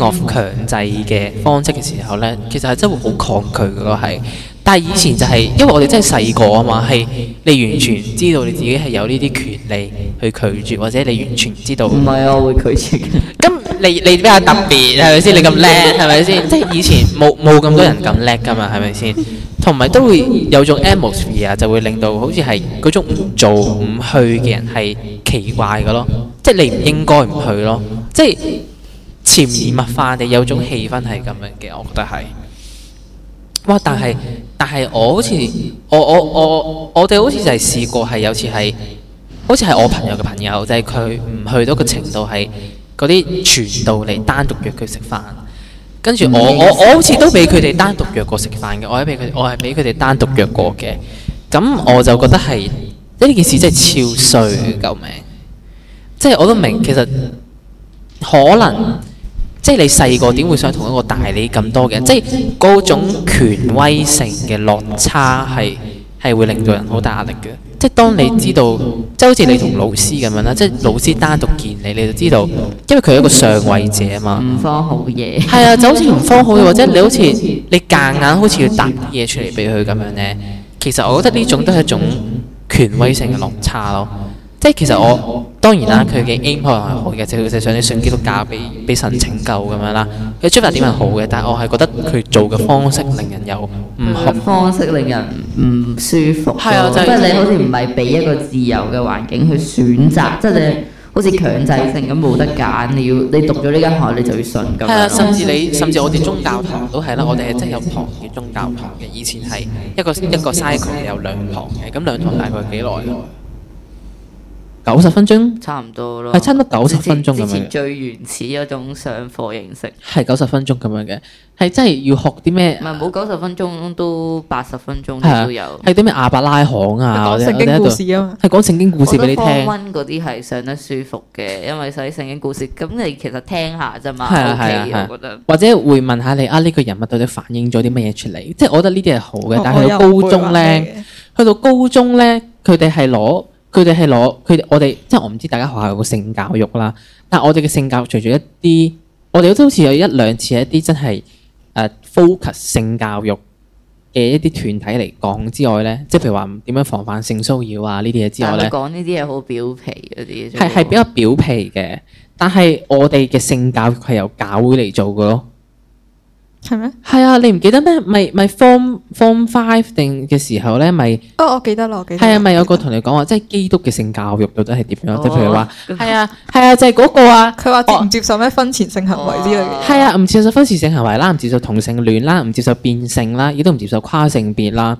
of 強制嘅方式嘅時候呢，其實係真會好抗拒嘅咯。係，但係以前就係、是、因為我哋真係細個啊嘛，係你完全知道你自己係有呢啲權利去拒絕，或者你完全知道唔係、啊、我會拒絕。咁 你你比較特別係咪先？你咁叻係咪先？ 即係以前冇冇咁多人咁叻噶嘛，係咪先？同埋都會有種 atmosphere 啊，就會令到好似係嗰種唔做唔去嘅人係奇怪嘅咯，即係你唔應該唔去咯，即係。潛移默化地有種氣氛係咁樣嘅，我覺得係。哇！但係但係我好似我我我我哋好似就係試過係有次係，好似係我朋友嘅朋友就係佢唔去到個程度係嗰啲渠道嚟單獨約佢食飯，跟住我我我好似都俾佢哋單獨約過食飯嘅，我係俾佢我係俾佢哋單獨約過嘅。咁我就覺得係，呢件事真係超衰，救命！即係我都明，其實可能。即係你細個點會想同一個大你咁多嘅人？即係嗰種權威性嘅落差係係會令到人好大壓力嘅。即係當你知道，即係好似你同老師咁樣啦。即係老師單獨見你，你就知道，因為佢係一個上位者啊嘛。唔科好嘢。係啊，就好似唔科好嘢，或者你好似你夾硬，硬好似要答啲嘢出嚟俾佢咁樣呢？其實我覺得呢種都係一種權威性嘅落差咯。即係其實我當然啦，佢嘅 aim 可能係好嘅，即係佢想你信基督教，俾俾神拯救咁樣啦。佢出發點係好嘅，但係我係覺得佢做嘅方式令人有唔好，方式令人唔舒服。係啊，即係你好似唔係俾一個自由嘅環境去選擇，即係你好似強制性咁冇得揀，你要你讀咗呢間學你就要信咁。係啊，甚至你甚至我哋宗教堂都係啦，我哋係真係有堂嘅宗教堂嘅。以前係一個一個 cycle 有兩堂嘅，咁兩堂大概幾耐？九十分鐘，差唔多咯，係差唔多九十分鐘咁。之前最原始嗰種上課形式，係九十分鐘咁樣嘅，係真係要學啲咩？唔係冇九十分鐘都八十分鐘都有。係啲咩亞伯拉罕啊？講聖經故事啊？係講聖經故事俾你聽。覺得溫嗰啲係上得舒服嘅，因為所以聖經故事咁你其實聽下啫嘛。係啊係啊，我覺得。或者會問下你啊呢、呢個人物到底反映咗啲乜嘢出嚟？即係我覺得呢啲係好嘅，嗯、但係到高中咧、嗯嗯嗯嗯，去到高中咧，佢哋係攞。佢哋係攞佢，我哋即係我唔知大家學校有個性教育啦，但係我哋嘅性教育除咗一啲，我哋都好似有一兩次一啲真係誒、uh, focus 性教育嘅一啲團體嚟講之外咧，即係譬如話點樣防範性騷擾啊呢啲嘢之外咧，我講呢啲嘢好表皮嗰啲，係係比較表皮嘅，但係我哋嘅性教育係由教會嚟做嘅咯。係咩？係啊，你唔記得咩？咪咪 Form Form Five 定嘅時候咧，咪哦，我記得咯，我記得，係啊，咪有個同你講話，即係基督嘅性教育到底係點樣？即係譬如話，係啊，係 啊，就係、是、嗰個啊，佢話接唔接受咩婚前性行為呢類嘢？係啊，唔、啊、接受婚前性行為啦，唔接受同性戀啦，唔接受變性啦，亦都唔接受跨性別啦。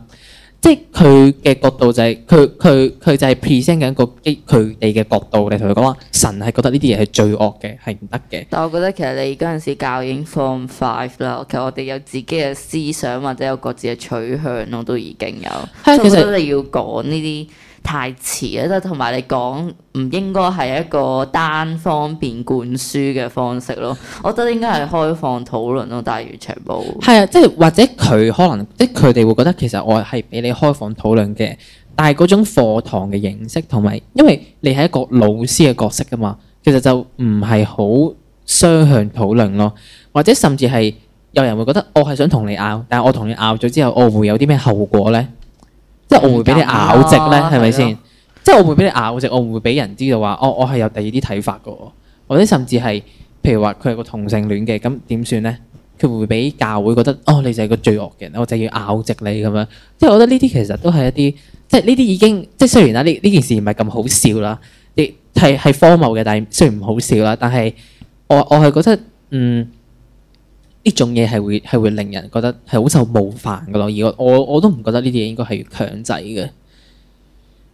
即係佢嘅角度就係佢佢佢就係 present 緊一個基佢哋嘅角度嚟同佢講話，神係覺得呢啲嘢係罪惡嘅，係唔得嘅。但我覺得其實你嗰陣時教已經 form five 啦，其實我哋有自己嘅思想或者有各自嘅取向，我都已經有。係其實你要講呢啲。太遲啊！即同埋你講，唔應該係一個單方面灌輸嘅方式咯。我覺得應該係開放討論咯，大如長暴。係啊，即係或者佢可能即係佢哋會覺得其實我係俾你開放討論嘅，但係嗰種課堂嘅形式同埋，因為你係一個老師嘅角色噶嘛，其實就唔係好雙向討論咯。或者甚至係有人會覺得我係想同你拗，但係我同你拗咗之後，我會有啲咩後果呢？即係我會俾你拗直咧，係咪先？的即係我會俾你拗直，我唔會俾人知道話、哦，我我係有第二啲睇法嘅。或者甚至係，譬如話佢係個同性戀嘅，咁點算咧？佢會唔會俾教會覺得哦，你就係個罪惡嘅人，我就要拗直你咁樣？即係我覺得呢啲其實都係一啲，即係呢啲已經即係雖然啦，呢呢件事唔係咁好笑啦，啲係係荒謬嘅，但係雖然唔好笑啦，但係我我係覺得嗯。呢種嘢係會係會令人覺得係好受冒犯㗎囉，而我我我都唔覺得呢啲嘢應該係強制嘅。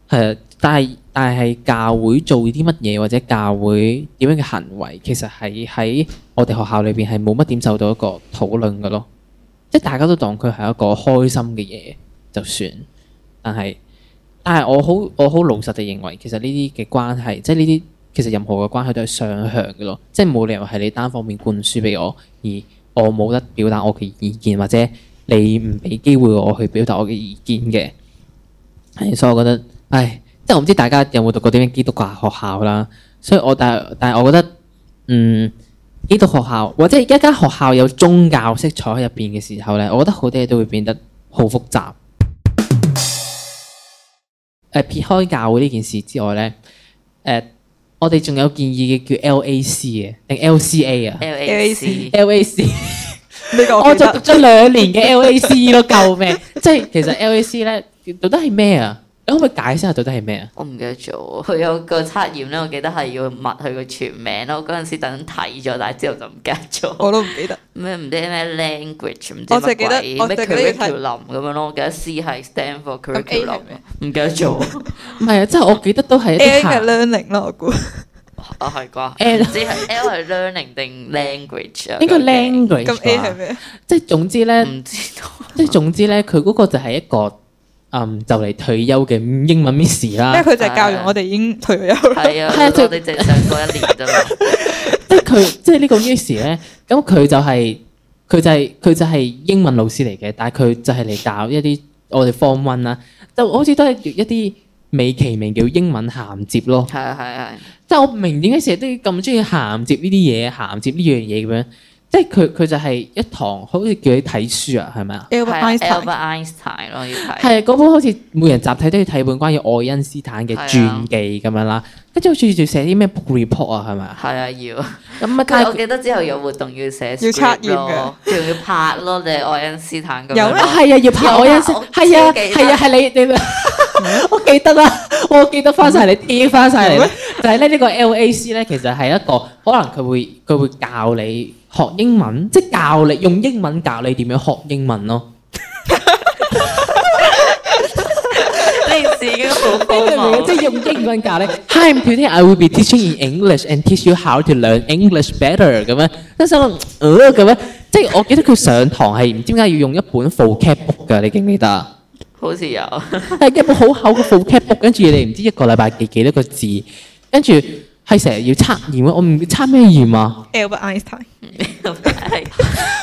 係，但係但係教會做啲乜嘢或者教會點樣嘅行為，其實係喺我哋學校裏邊係冇乜點受到一個討論㗎囉。即係大家都當佢係一個開心嘅嘢就算，但係但係我好我好老實地認為，其實呢啲嘅關係，即係呢啲其實任何嘅關係都係上向㗎囉，即係冇理由係你單方面灌輸俾我而。我冇得表達我嘅意見，或者你唔俾機會我去表達我嘅意見嘅。所以，我覺得，唉，即係我唔知大家有冇讀過啲基督教學校啦。所以我但係，但係，但我覺得，嗯，基督學校或者一間學校有宗教色彩喺入邊嘅時候呢，我覺得好多嘢都會變得好複雜、 呃。撇開教會呢件事之外呢。誒、呃。我哋仲有建議嘅叫 LAC 啊定 LCA 啊？LAC，LAC 我就讀咗兩年嘅 LAC 咯，救命！ 即係其實 LAC 呢讀得係咩啊？可唔可以解釋下到底係咩啊？我唔記得咗，佢有個測驗咧，我記得係要默佢個全名咯。嗰陣時特登睇咗，但係之後就唔記得咗。我都唔記得咩唔知咩 language，唔知乜鬼咩 curriculum 咁樣咯。記得 C 係 stand for curriculum，唔記得咗。係啊，即係我記得都係啲 language learning 咯。我估啊係啩，L 係 learning 定 language 啊？應該 language。咁 A 係咩？即係總之咧，唔知道。即係總之咧，佢嗰個就係一個。嗯，就嚟退休嘅英文 Miss 啦，因為佢就教完我哋已經退休啦，係啊， 啊，我哋淨剩嗰一年啫嘛。 即係佢，即係呢個 Miss 咧，咁佢就係、是、佢就係佢就係英文老師嚟嘅，但係佢就係嚟教一啲我哋 form one 啦，就好似都係一啲美其名叫英文銜接咯。係啊係啊，啊啊即係我唔明點解成日都要咁中意銜接呢啲嘢，銜接呢樣嘢咁樣。即係佢佢就係一堂，好似叫你睇書啊，係咪啊？Albert Einstein 咯，要睇係啊，嗰本好似每人集體都要睇本關於愛因斯坦嘅傳記咁樣啦。跟住好似要寫啲咩 report 啊，係咪啊？係啊，要咁啊！但係我記得之後有活動要寫要測驗嘅要拍咯，就係愛因斯坦咁樣有咩？係啊，要拍愛因斯坦。係啊，係啊，係你點啊？我記得啦，我記得翻晒你貼翻曬。就係咧，呢個 LAC 咧，其實係一個可能佢會佢會教你。學英文，即係教你用英文教你點樣學英文咯。你自己學英文，即係用英文教你。Hi, today I will be teaching in English and teach you how to learn English better，咁啊。即係可能，誒，咁啊。即係我記得佢上堂係唔知點解要用一本 full cap book 嘅，你記唔記得？好似有係一本好厚嘅 full cap book，跟住你唔知一個禮拜記幾多個字，跟住。係成日要測驗啊！我唔測咩驗啊 i time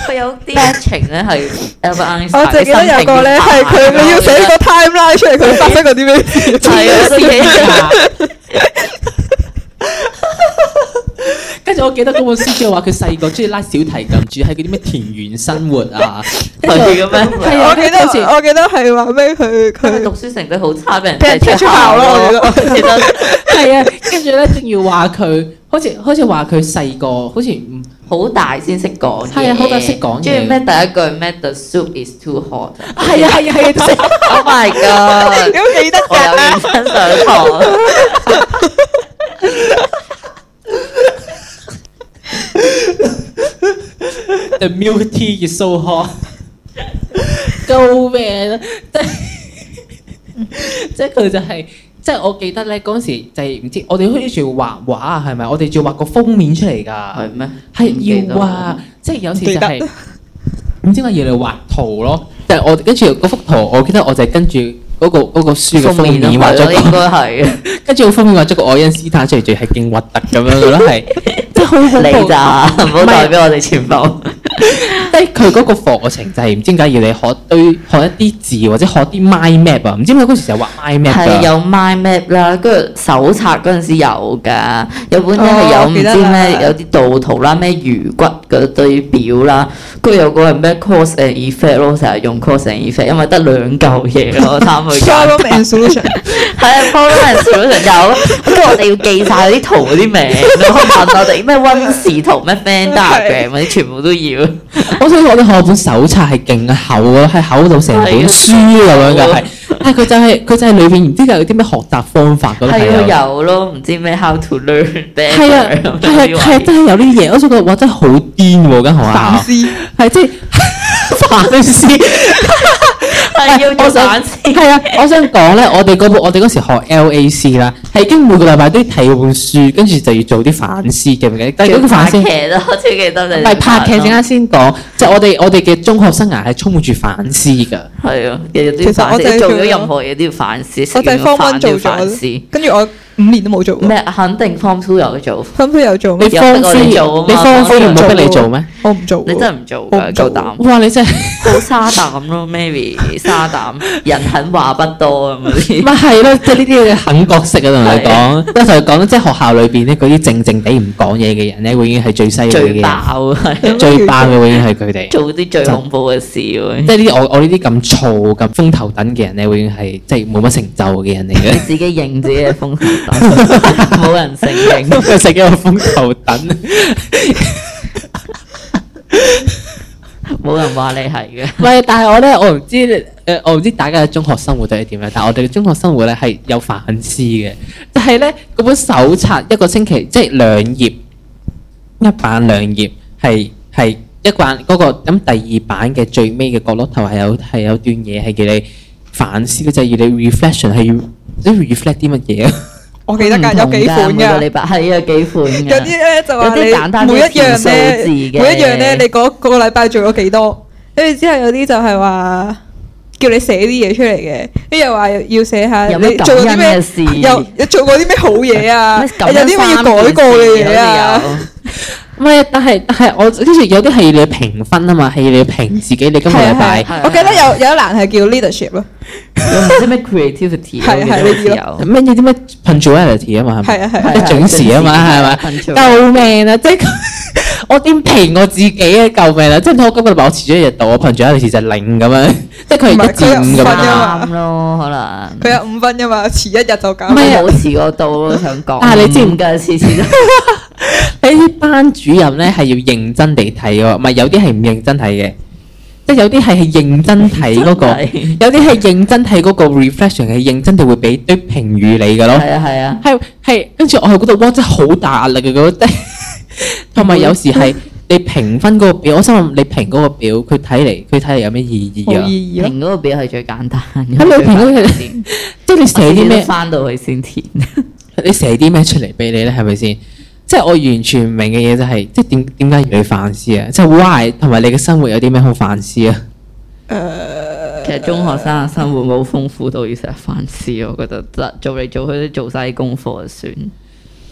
係有啲劇情咧係，我最記得有個咧係佢要寫個 timeline 出嚟，佢發生個啲咩事？係啊！跟住我記得嗰本書就話佢細個中意拉小提琴，住喺嗰啲咩田園生活啊，係咁咩？係我記得，我記得係話咩佢佢讀書成績好差，俾人踢出校咯。其實係啊，跟住咧仲要話佢，好似好似話佢細個，好似唔好大先識講嘢，好大識講嘢。中意咩第一句咩？The soup is too hot。係啊係啊係。Oh my god！點記得！真上堂。The music is so hot！救命啊！即係即係佢就係，即係我記得咧，嗰時就係唔知我哋好似仲要畫畫啊，係咪？我哋仲要畫個封面出嚟㗎係咩？係要畫，即係有時就係唔知點解要嚟畫圖咯，但係我跟住嗰幅圖，我記得我就係跟住。嗰、那個嗰、那個書嘅封面畫咗，應該係跟住好方便畫咗個愛因斯坦出嚟，仲係勁核突咁樣咯，係即係好你咋就，唔好代表我哋全部。即係佢嗰個課程就係、是、唔知點解要你學對學一啲字或者學啲 mind map 啊？唔知點解嗰時成日畫 mind map 㗎，係有 mind map 啦，跟住手冊嗰陣時有㗎，本有本咧係有唔知咩有啲導圖啦，咩魚骨。嗰對表啦，佢有個係咩 cause and effect 咯，成日用 cause and effect，因為得兩嚿嘢咯，攤去間。Problem and solution 係幫人寫成有，因為我哋要記曬啲圖嗰啲名，問我哋咩溫氏圖、咩 fan diagram 嗰啲全部都要。我聽講你學本手冊係勁厚，厚啊，喺厚到成本書咁樣嘅係。係佢就係、是、佢就係裏邊唔知佢有啲咩學習方法噶咯，係啊有咯，唔知咩 how to learn，係啊係啊係啊真係有啲嘢，我想講哇真係好癲喎間學校，反思係即係反思。事唔係，我想係啊！我想講咧，我哋嗰部，我哋嗰時學 LAC 啦，係已經每個禮拜都要睇本書，跟住就要做啲反思嘅。但係嗰個反思，好似幾多？唔係拍劇陣間先講，即係我哋我哋嘅中學生涯係充滿住反思㗎。係啊，其實我哋做咗任何嘢都要反思，我哋 form one 跟住我五年都冇做過。咩？肯定 form two 有做。form two 有做。你 form two 做你 form two 冇俾你做咩？我唔做，你真係唔做嘅夠膽。哇！你真係好沙膽咯，maybe 沙膽人狠話不多啊嘛啲。咪係咯，即係呢啲嘢狠角色嘅同你講，多為同你講，即係學校裏邊呢嗰啲靜靜地唔講嘢嘅人咧，永遠係最犀利嘅人，最爆嘅，最爆嘅永遠係佢哋做啲最恐怖嘅事。即係呢啲我我呢啲咁嘈、咁風頭等嘅人咧，永遠係即係冇乜成就嘅人嚟嘅。你自己認自己係風頭等，冇人承認。佢食一個風頭等。冇人話你係嘅，喂！但係我咧，我唔知誒，我唔知大家嘅中學生活係點樣，但係我哋嘅中學生活咧係有反思嘅，就係咧嗰本手冊一個星期即係兩頁，一版兩頁係，係一版嗰個咁第二版嘅最尾嘅角落頭係有，係有段嘢係叫你反思嘅，就係要你 reflection，係要你 reflect 啲乜嘢啊？我記得有幾款噶，個禮拜係有幾款嘅。有啲咧就話你每一樣咧，每一樣咧。你嗰嗰個禮拜做咗幾多？跟住之後有啲就係話叫你寫啲嘢出嚟嘅，跟住又話要寫下你做過啲咩？有有做過啲咩好嘢啊？有啲要改過嘅嘢啊？唔係，但係但係我跟住有啲係要評分啊嘛，係要評自己你今個禮拜。我記得有有一欄係叫 leadership 咯。我唔知咩 creativity，係係呢啲有，咩有啲咩 punctuality 啊嘛，係咪？準時啊嘛，係咪？救命啊！即係我點評我自己啊！救命啊！即係我今日我遲咗一日到，我 punctuality 其實零咁樣，即係佢一至五分咁樣咯，可能佢有五分啊嘛，遲一日就搞唔係冇遲過到，想講。啊，你知唔知？遲遲你啲班主任咧係要認真地睇嘅，唔係有啲係唔認真睇嘅。即有啲係係認真睇嗰、嗰個，有啲係認真睇嗰個 reflection，係認真就會俾堆評語你嘅咯。係啊係啊，係係、啊，跟住我喺嗰度，哇！真係好大壓力嘅覺得，同 埋有，有時係你評分嗰個表，我心諗你評嗰個表，佢睇嚟佢睇嚟有咩意、意義啊？意義咯。評嗰個表係最簡單嘅，喺度評 即係你寫啲咩翻到去先填。 你寫啲咩出嚟俾你咧？係咪先？即係我完全唔明嘅嘢就係、是，即係點點解要你反思啊？即係 why 同埋你嘅生活有啲咩好反思啊？其實中學生嘅生活冇豐富到要成日反思，我覺得得做嚟做去都做晒啲功課就算。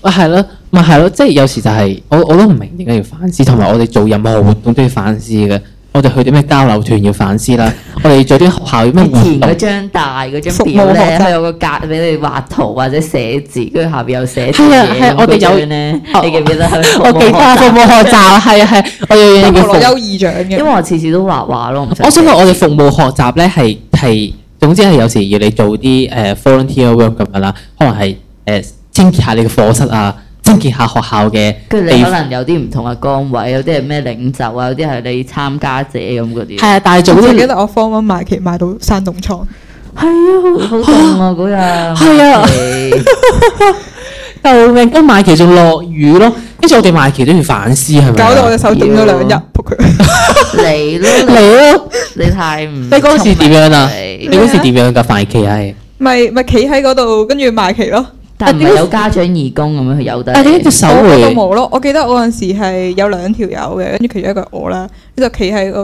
啊係咯，咪係咯，即、就、係、是、有時就係、是、我我都唔明點解要反思，同埋我哋做任何活動都要反思嘅。我哋去啲咩交流團要反思啦！我哋做啲學校咩？填嗰張大嗰張表咧，佢有個格俾你畫圖或者寫字，跟住下邊有寫字嘅咁嗰張咧，哦、你記唔記得？我記得服務學習，係 啊係、啊啊，我要攞優異獎嘅。因為我次次都畫畫咯。 我想話我哋服務學習咧係係總之係有時要你做啲誒、uh, volunteer work 咁樣啦，可能係誒、uh, 清潔下你嘅課室啊。清潔下學校嘅，跟住你可能有啲唔同嘅崗位，有啲係咩領袖啊，有啲係你參加者咁嗰啲。係啊，但係總之我記得我 follow 緊賣旗，賣到山洞倉。係啊，好好凍啊嗰日。係啊，救命！跟賣旗仲落雨咯，跟住我哋賣旗都要反思，係咪？搞到我隻手凍咗兩日仆佢。嚟咯嚟咯，你太唔。你嗰時點樣啊？你嗰時點樣噶賣旗啊？係咪咪企喺嗰度，跟住賣旗咯？但係有家長義工咁樣 去遊得，我手都冇咯。我記得我嗰陣時係有兩條友嘅，跟住其中一個我啦，就麗麗呢就企喺嗰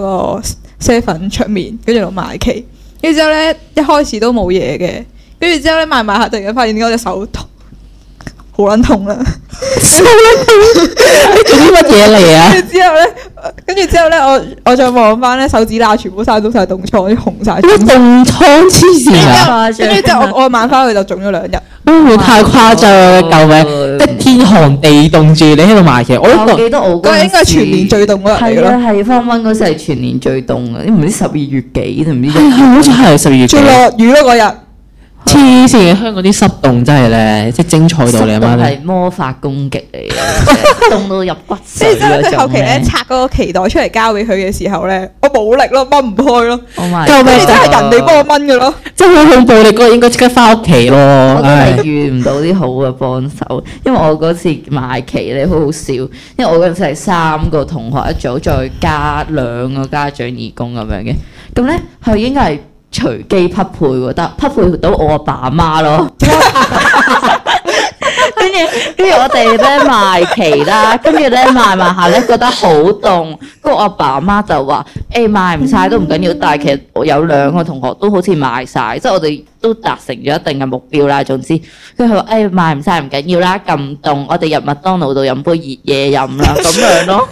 個 seven 出面，跟住落埋棋，跟住之後咧一開始都冇嘢嘅，跟住之後咧賣賣下突然間發現我隻手套。 冇卵痛啦！你做啲乜嘢嚟啊？跟住之後咧，跟住之後咧，我我再望翻咧手指罅，全部晒到晒凍瘡，啲紅曬，凍瘡黐線！跟住之後，我我晚翻去就腫咗兩日。哇！太誇張啦，救命！得天寒地凍住你喺度賣嘢。我都記得我嗰日應該係全年最凍嗰日咯。係啊，係翻溫嗰時係全年最凍啊！你唔知十二月幾同唔知。好似係十二月。仲落雨咯嗰日。黐線嘅香港啲濕凍真係咧，即係精彩到你阿媽咧，係魔法攻擊嚟嘅，凍到入骨。所以真係佢後期咧拆嗰個期待出嚟交俾佢嘅時候咧，我冇力咯，掹唔開咯。Oh my，救命，都係人哋幫我掹嘅咯。真係好恐怖，你嗰個應該即刻翻屋企咯。我都係遇唔到啲好嘅幫手，因為我嗰次買旗咧好好笑，因為我嗰陣係三個同學一組，再加兩個家長義工咁樣嘅。咁咧佢應該係。隨機匹配，得匹配到我阿爸阿媽咯。跟住， 跟住我哋咧賣旗啦，跟住咧賣賣下咧，覺得好凍。我阿爸阿媽就話，誒賣唔晒都唔緊要，但係、哎嗯、其實我有兩個同學都好似賣曬即係我哋。」都達成咗一定嘅目標啦。總之，佢話：，哎呀，賣唔晒唔緊要啦，咁凍，我哋入麥當勞度飲杯熱嘢飲啦，咁樣咯，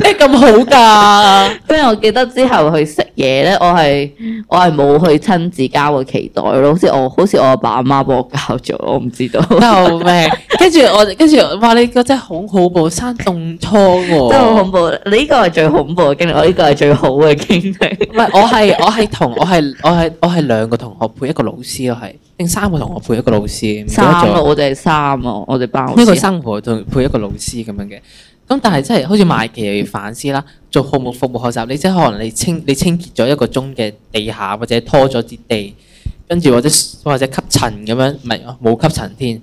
咩咁好㗎？即係我記得之後去食嘢咧，我係我係冇去親自交嘅期待咯，好似我好似我阿爸阿媽幫我交咗，我唔知道救命。跟住我跟住，哇！你個真係好恐怖，生凍瘡喎，真係好恐怖！你呢個係最恐怖嘅經歷，我呢個係最好嘅經歷。唔係，我係我係同我係我係我係兩個同學配一個老。師咯係，定三個同學配一個老師。三我哋係三啊，我哋班老師。呢個三個同配一個老師咁樣嘅，咁但係真係好似賣旗又要反思啦。做項目服務學習，你即係可能你清你清潔咗一個鐘嘅地下，或者拖咗啲地。跟住或者或者吸塵咁樣，唔係冇吸塵添。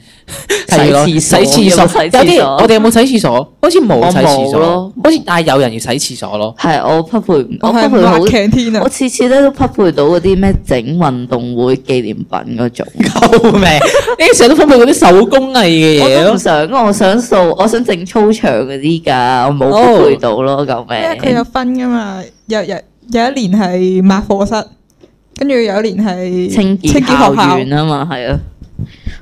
係咯，洗廁所。有啲我哋有冇洗廁所？好似冇洗廁所，好似但係有人要洗廁所咯。係，我匹配唔到。我係抹鏡天啊！我次次咧都匹配到嗰啲咩整運動會紀念品嗰種。救命！你成日都匹配嗰啲手工藝嘅嘢咯。我想，我想掃，我想整操場嗰啲㗎，我冇匹配到咯，咁。因為佢有分㗎嘛，有有有一年係抹課室。跟住有一年係清潔校園啊嘛，係啊，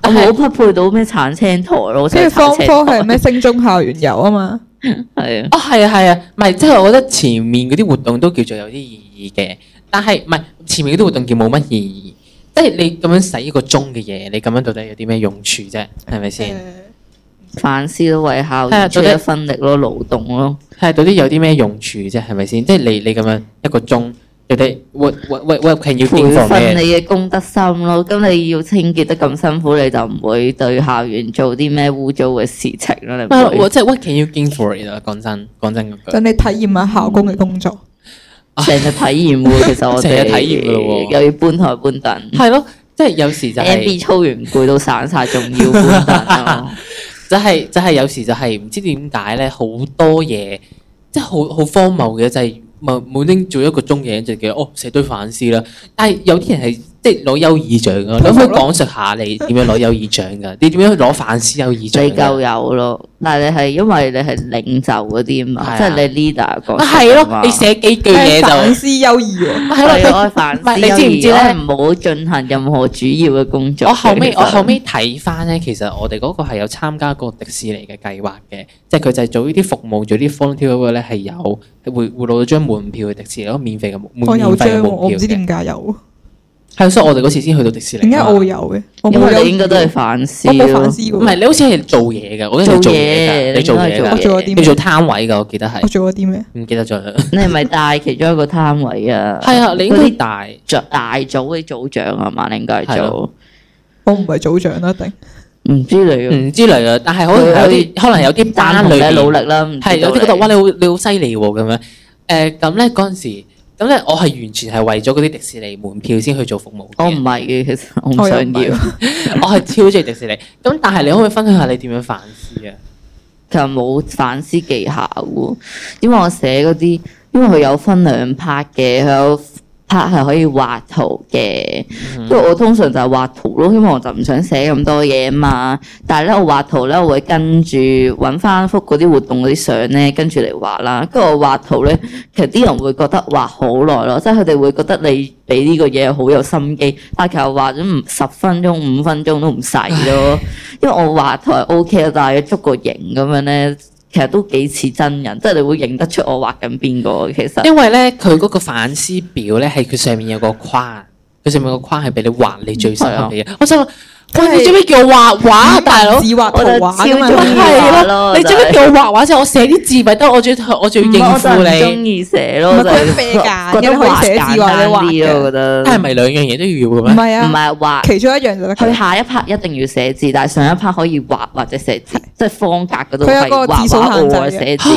啊我冇匹配到咩橙青台咯。跟住方科係咩升中校園遊啊嘛，係啊。哦，係啊係啊，唔係即係我覺得前面嗰啲活動都叫做有啲意義嘅，但係唔係前面嗰啲活動叫冇乜意義，即係你咁樣使一個鐘嘅嘢，你咁樣到底有啲咩用處啫？係咪先？啊、反思都為校都有分力咯，勞動咯。係、啊、到底有啲咩用處啫？係咪先？即係你你咁樣一個鐘。你哋屈屈屈屈平要肩負嘅，培訓你嘅公德心咯。咁 你要清潔得咁辛苦，你就唔會對校園做啲咩污糟嘅事情咯。唔係，我、 啊、真係屈平要肩負嘅。講真，講真嘅句。等你體驗下校工嘅工作。成日體驗喎，其實我第一 體驗咯 又要搬台搬凳。係咯，即係有時就係 操完攰到散晒，仲要搬凳。即係 就係、是就是就是、有時就係唔知點解咧，好多嘢即係好好荒謬嘅就係、是。冇冇拎做一個鐘嘢，就叫哦成堆反思啦，但係有啲人係。即係攞優異獎啊！你可唔可以講述下你點樣攞優異獎㗎？ 你點樣攞反思優異獎？未夠有咯，但係你係因為你係領袖嗰啲啊嘛，啊即係你 leader 角色啊嘛。係咯，你寫幾句嘢就反思優異喎，啊。係咯，反思優異。唔好 進行任何主要嘅工作。我後尾想我後尾睇翻咧，其實我哋嗰個係有參加過迪士尼嘅計劃嘅，即係佢就係做呢啲服務，做啲 frontier 嘅咧係有，會會攞到張門票去迪士尼，一個免費嘅門免費，免費門票我唔知點解有。係，所以我哋嗰時先去到迪士尼。點解我會有嘅？我冇。你應該都係反思，冇反思。唔係，你好似係做嘢㗎，我覺得你做嘢㗎，你做嘢。我做過啲咩？你做攤位㗎，我記得係。我做過啲咩？唔記得咗啦。你係咪帶其中一個攤位啊？係啊，你應該帶著大組嘅組長啊嘛，應該做。我唔係組長啦，定唔知你？唔知你啊，但係可能有啲單女嘅努力啦。係有啲覺得哇，你好你好犀利咁樣。誒，咁咧嗰陣時。咁咧，我係完全係為咗嗰啲迪士尼門票先去做服務嘅。我唔係嘅，其實我唔想要。我係超中意迪士尼。咁但係你可以分享下你點樣反思啊？其實冇反思技巧喎，因為我寫嗰啲，因為佢有分兩 part 嘅，佢有。係可以畫圖嘅，嗯、因為我通常就係畫圖咯，因為我就唔想寫咁多嘢啊嘛。但係咧，我畫圖咧，我會跟住揾翻幅嗰啲活動嗰啲相咧，跟住嚟畫啦。跟住我畫圖咧，其實啲人會覺得畫好耐咯，即係佢哋會覺得你俾呢個嘢好有心機，但係其實畫咗唔十分鐘、五分鐘都唔使咯。唉因為我畫圖係 O K 啊，但係要捉個型咁樣咧。其實都幾似真人，即係你會認得出我畫緊邊個。其實因為咧，佢嗰個反思表咧，係佢上面有個框，佢上面個框係俾你畫你最深刻嘅嘢。哦、我想。喂，你做咩叫我畫畫大佬？我就中意畫咯。你做咩叫我畫畫先？我寫啲字咪得？我最我最應付你。我就中意寫咯，嗰啲筆架、嗰啲可以寫字或者畫。我覺得係咪兩樣嘢都要嘅咩？唔係啊，唔係畫，其中一樣就得。佢下一 part 一定要寫字，但係上一 part 可以畫或者寫字，即係方格嗰度。佢有個字數限制，寫字。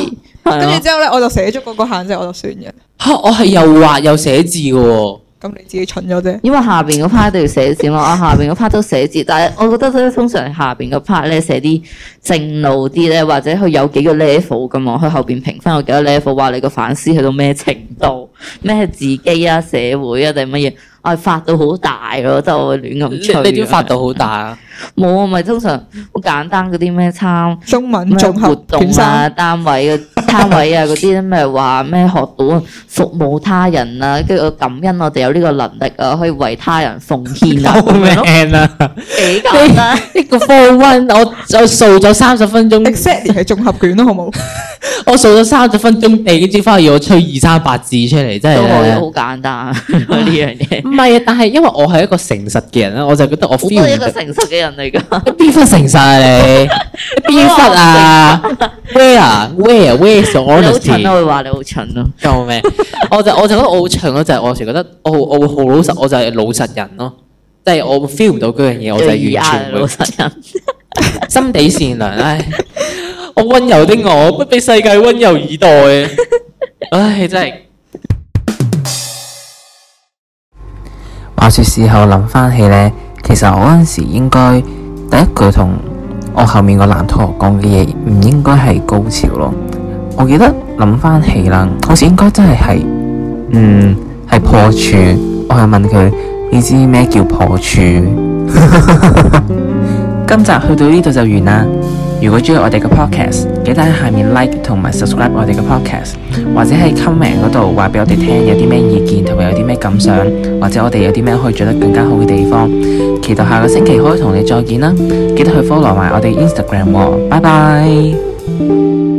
跟住之後咧，我就寫咗嗰個限制，我就算嘅。吓我係又畫又寫字嘅。咁你自己蠢咗啫。因為下邊嗰 part 都要寫字嘛， 啊下邊嗰 part 都寫字，但係我覺得通常下邊嗰 part 咧寫啲正路啲咧，或者佢有幾個 level 嘅嘛，佢後邊評分有幾多 level，話你個反思去到咩程度，咩自己啊社會啊定乜嘢，啊、哎、發到好大咯，就亂咁出。你點發到好大啊？冇啊， 咪通常好簡單嗰啲咩參中文綜合活動單位。攤位啊，嗰啲咩話咩學到服務他人啊，跟住感恩我哋有呢個能力啊，可以為他人奉獻啊，咁樣啊，幾簡單一個 four one，我就掃咗三十分鐘，Exactly，係綜合卷咯，好冇？我掃咗三十分鐘，你點知返嚟要我吹二三百字出嚟？真係都好簡單呢樣嘢。唔係，但係因為我係一個誠實嘅人啊，我就覺得我 feel 一個誠實嘅人嚟噶。邊忽誠實啊你？邊忽啊？Where 啊？Where 啊？Where？其 Yes ,蠢，我都會話你好蠢咯， 救命！我就我就覺得我好蠢咯，就係、是、我時覺得我我會好老實，我就係老實人咯。即係我 feel 唔到嗰樣嘢，我就完全老實人， 心地善良。唉、 哎，我温柔的我不被世界温柔以待。唉、 哎，真係。話說事後諗翻起咧，其實我嗰陣時應該第一句同我後面個男同學講嘅嘢，唔應該係高潮咯。我記得諗翻起啦，好似應該真係係，嗯係破處。我係問佢，你知咩叫破處？ 今集去到呢度就完啦。如果中意我哋嘅 podcast，記得喺下面 like 同埋 subscribe 我哋嘅 podcast，或者喺 comment 嗰度話俾我哋聽有啲咩意見，同埋有啲咩感想，或者我哋有啲咩可以做得更加好嘅地方。期待下個星期可以同你再見啦。記得去 follow 埋我哋 Instagram，哦，拜拜。Bye bye!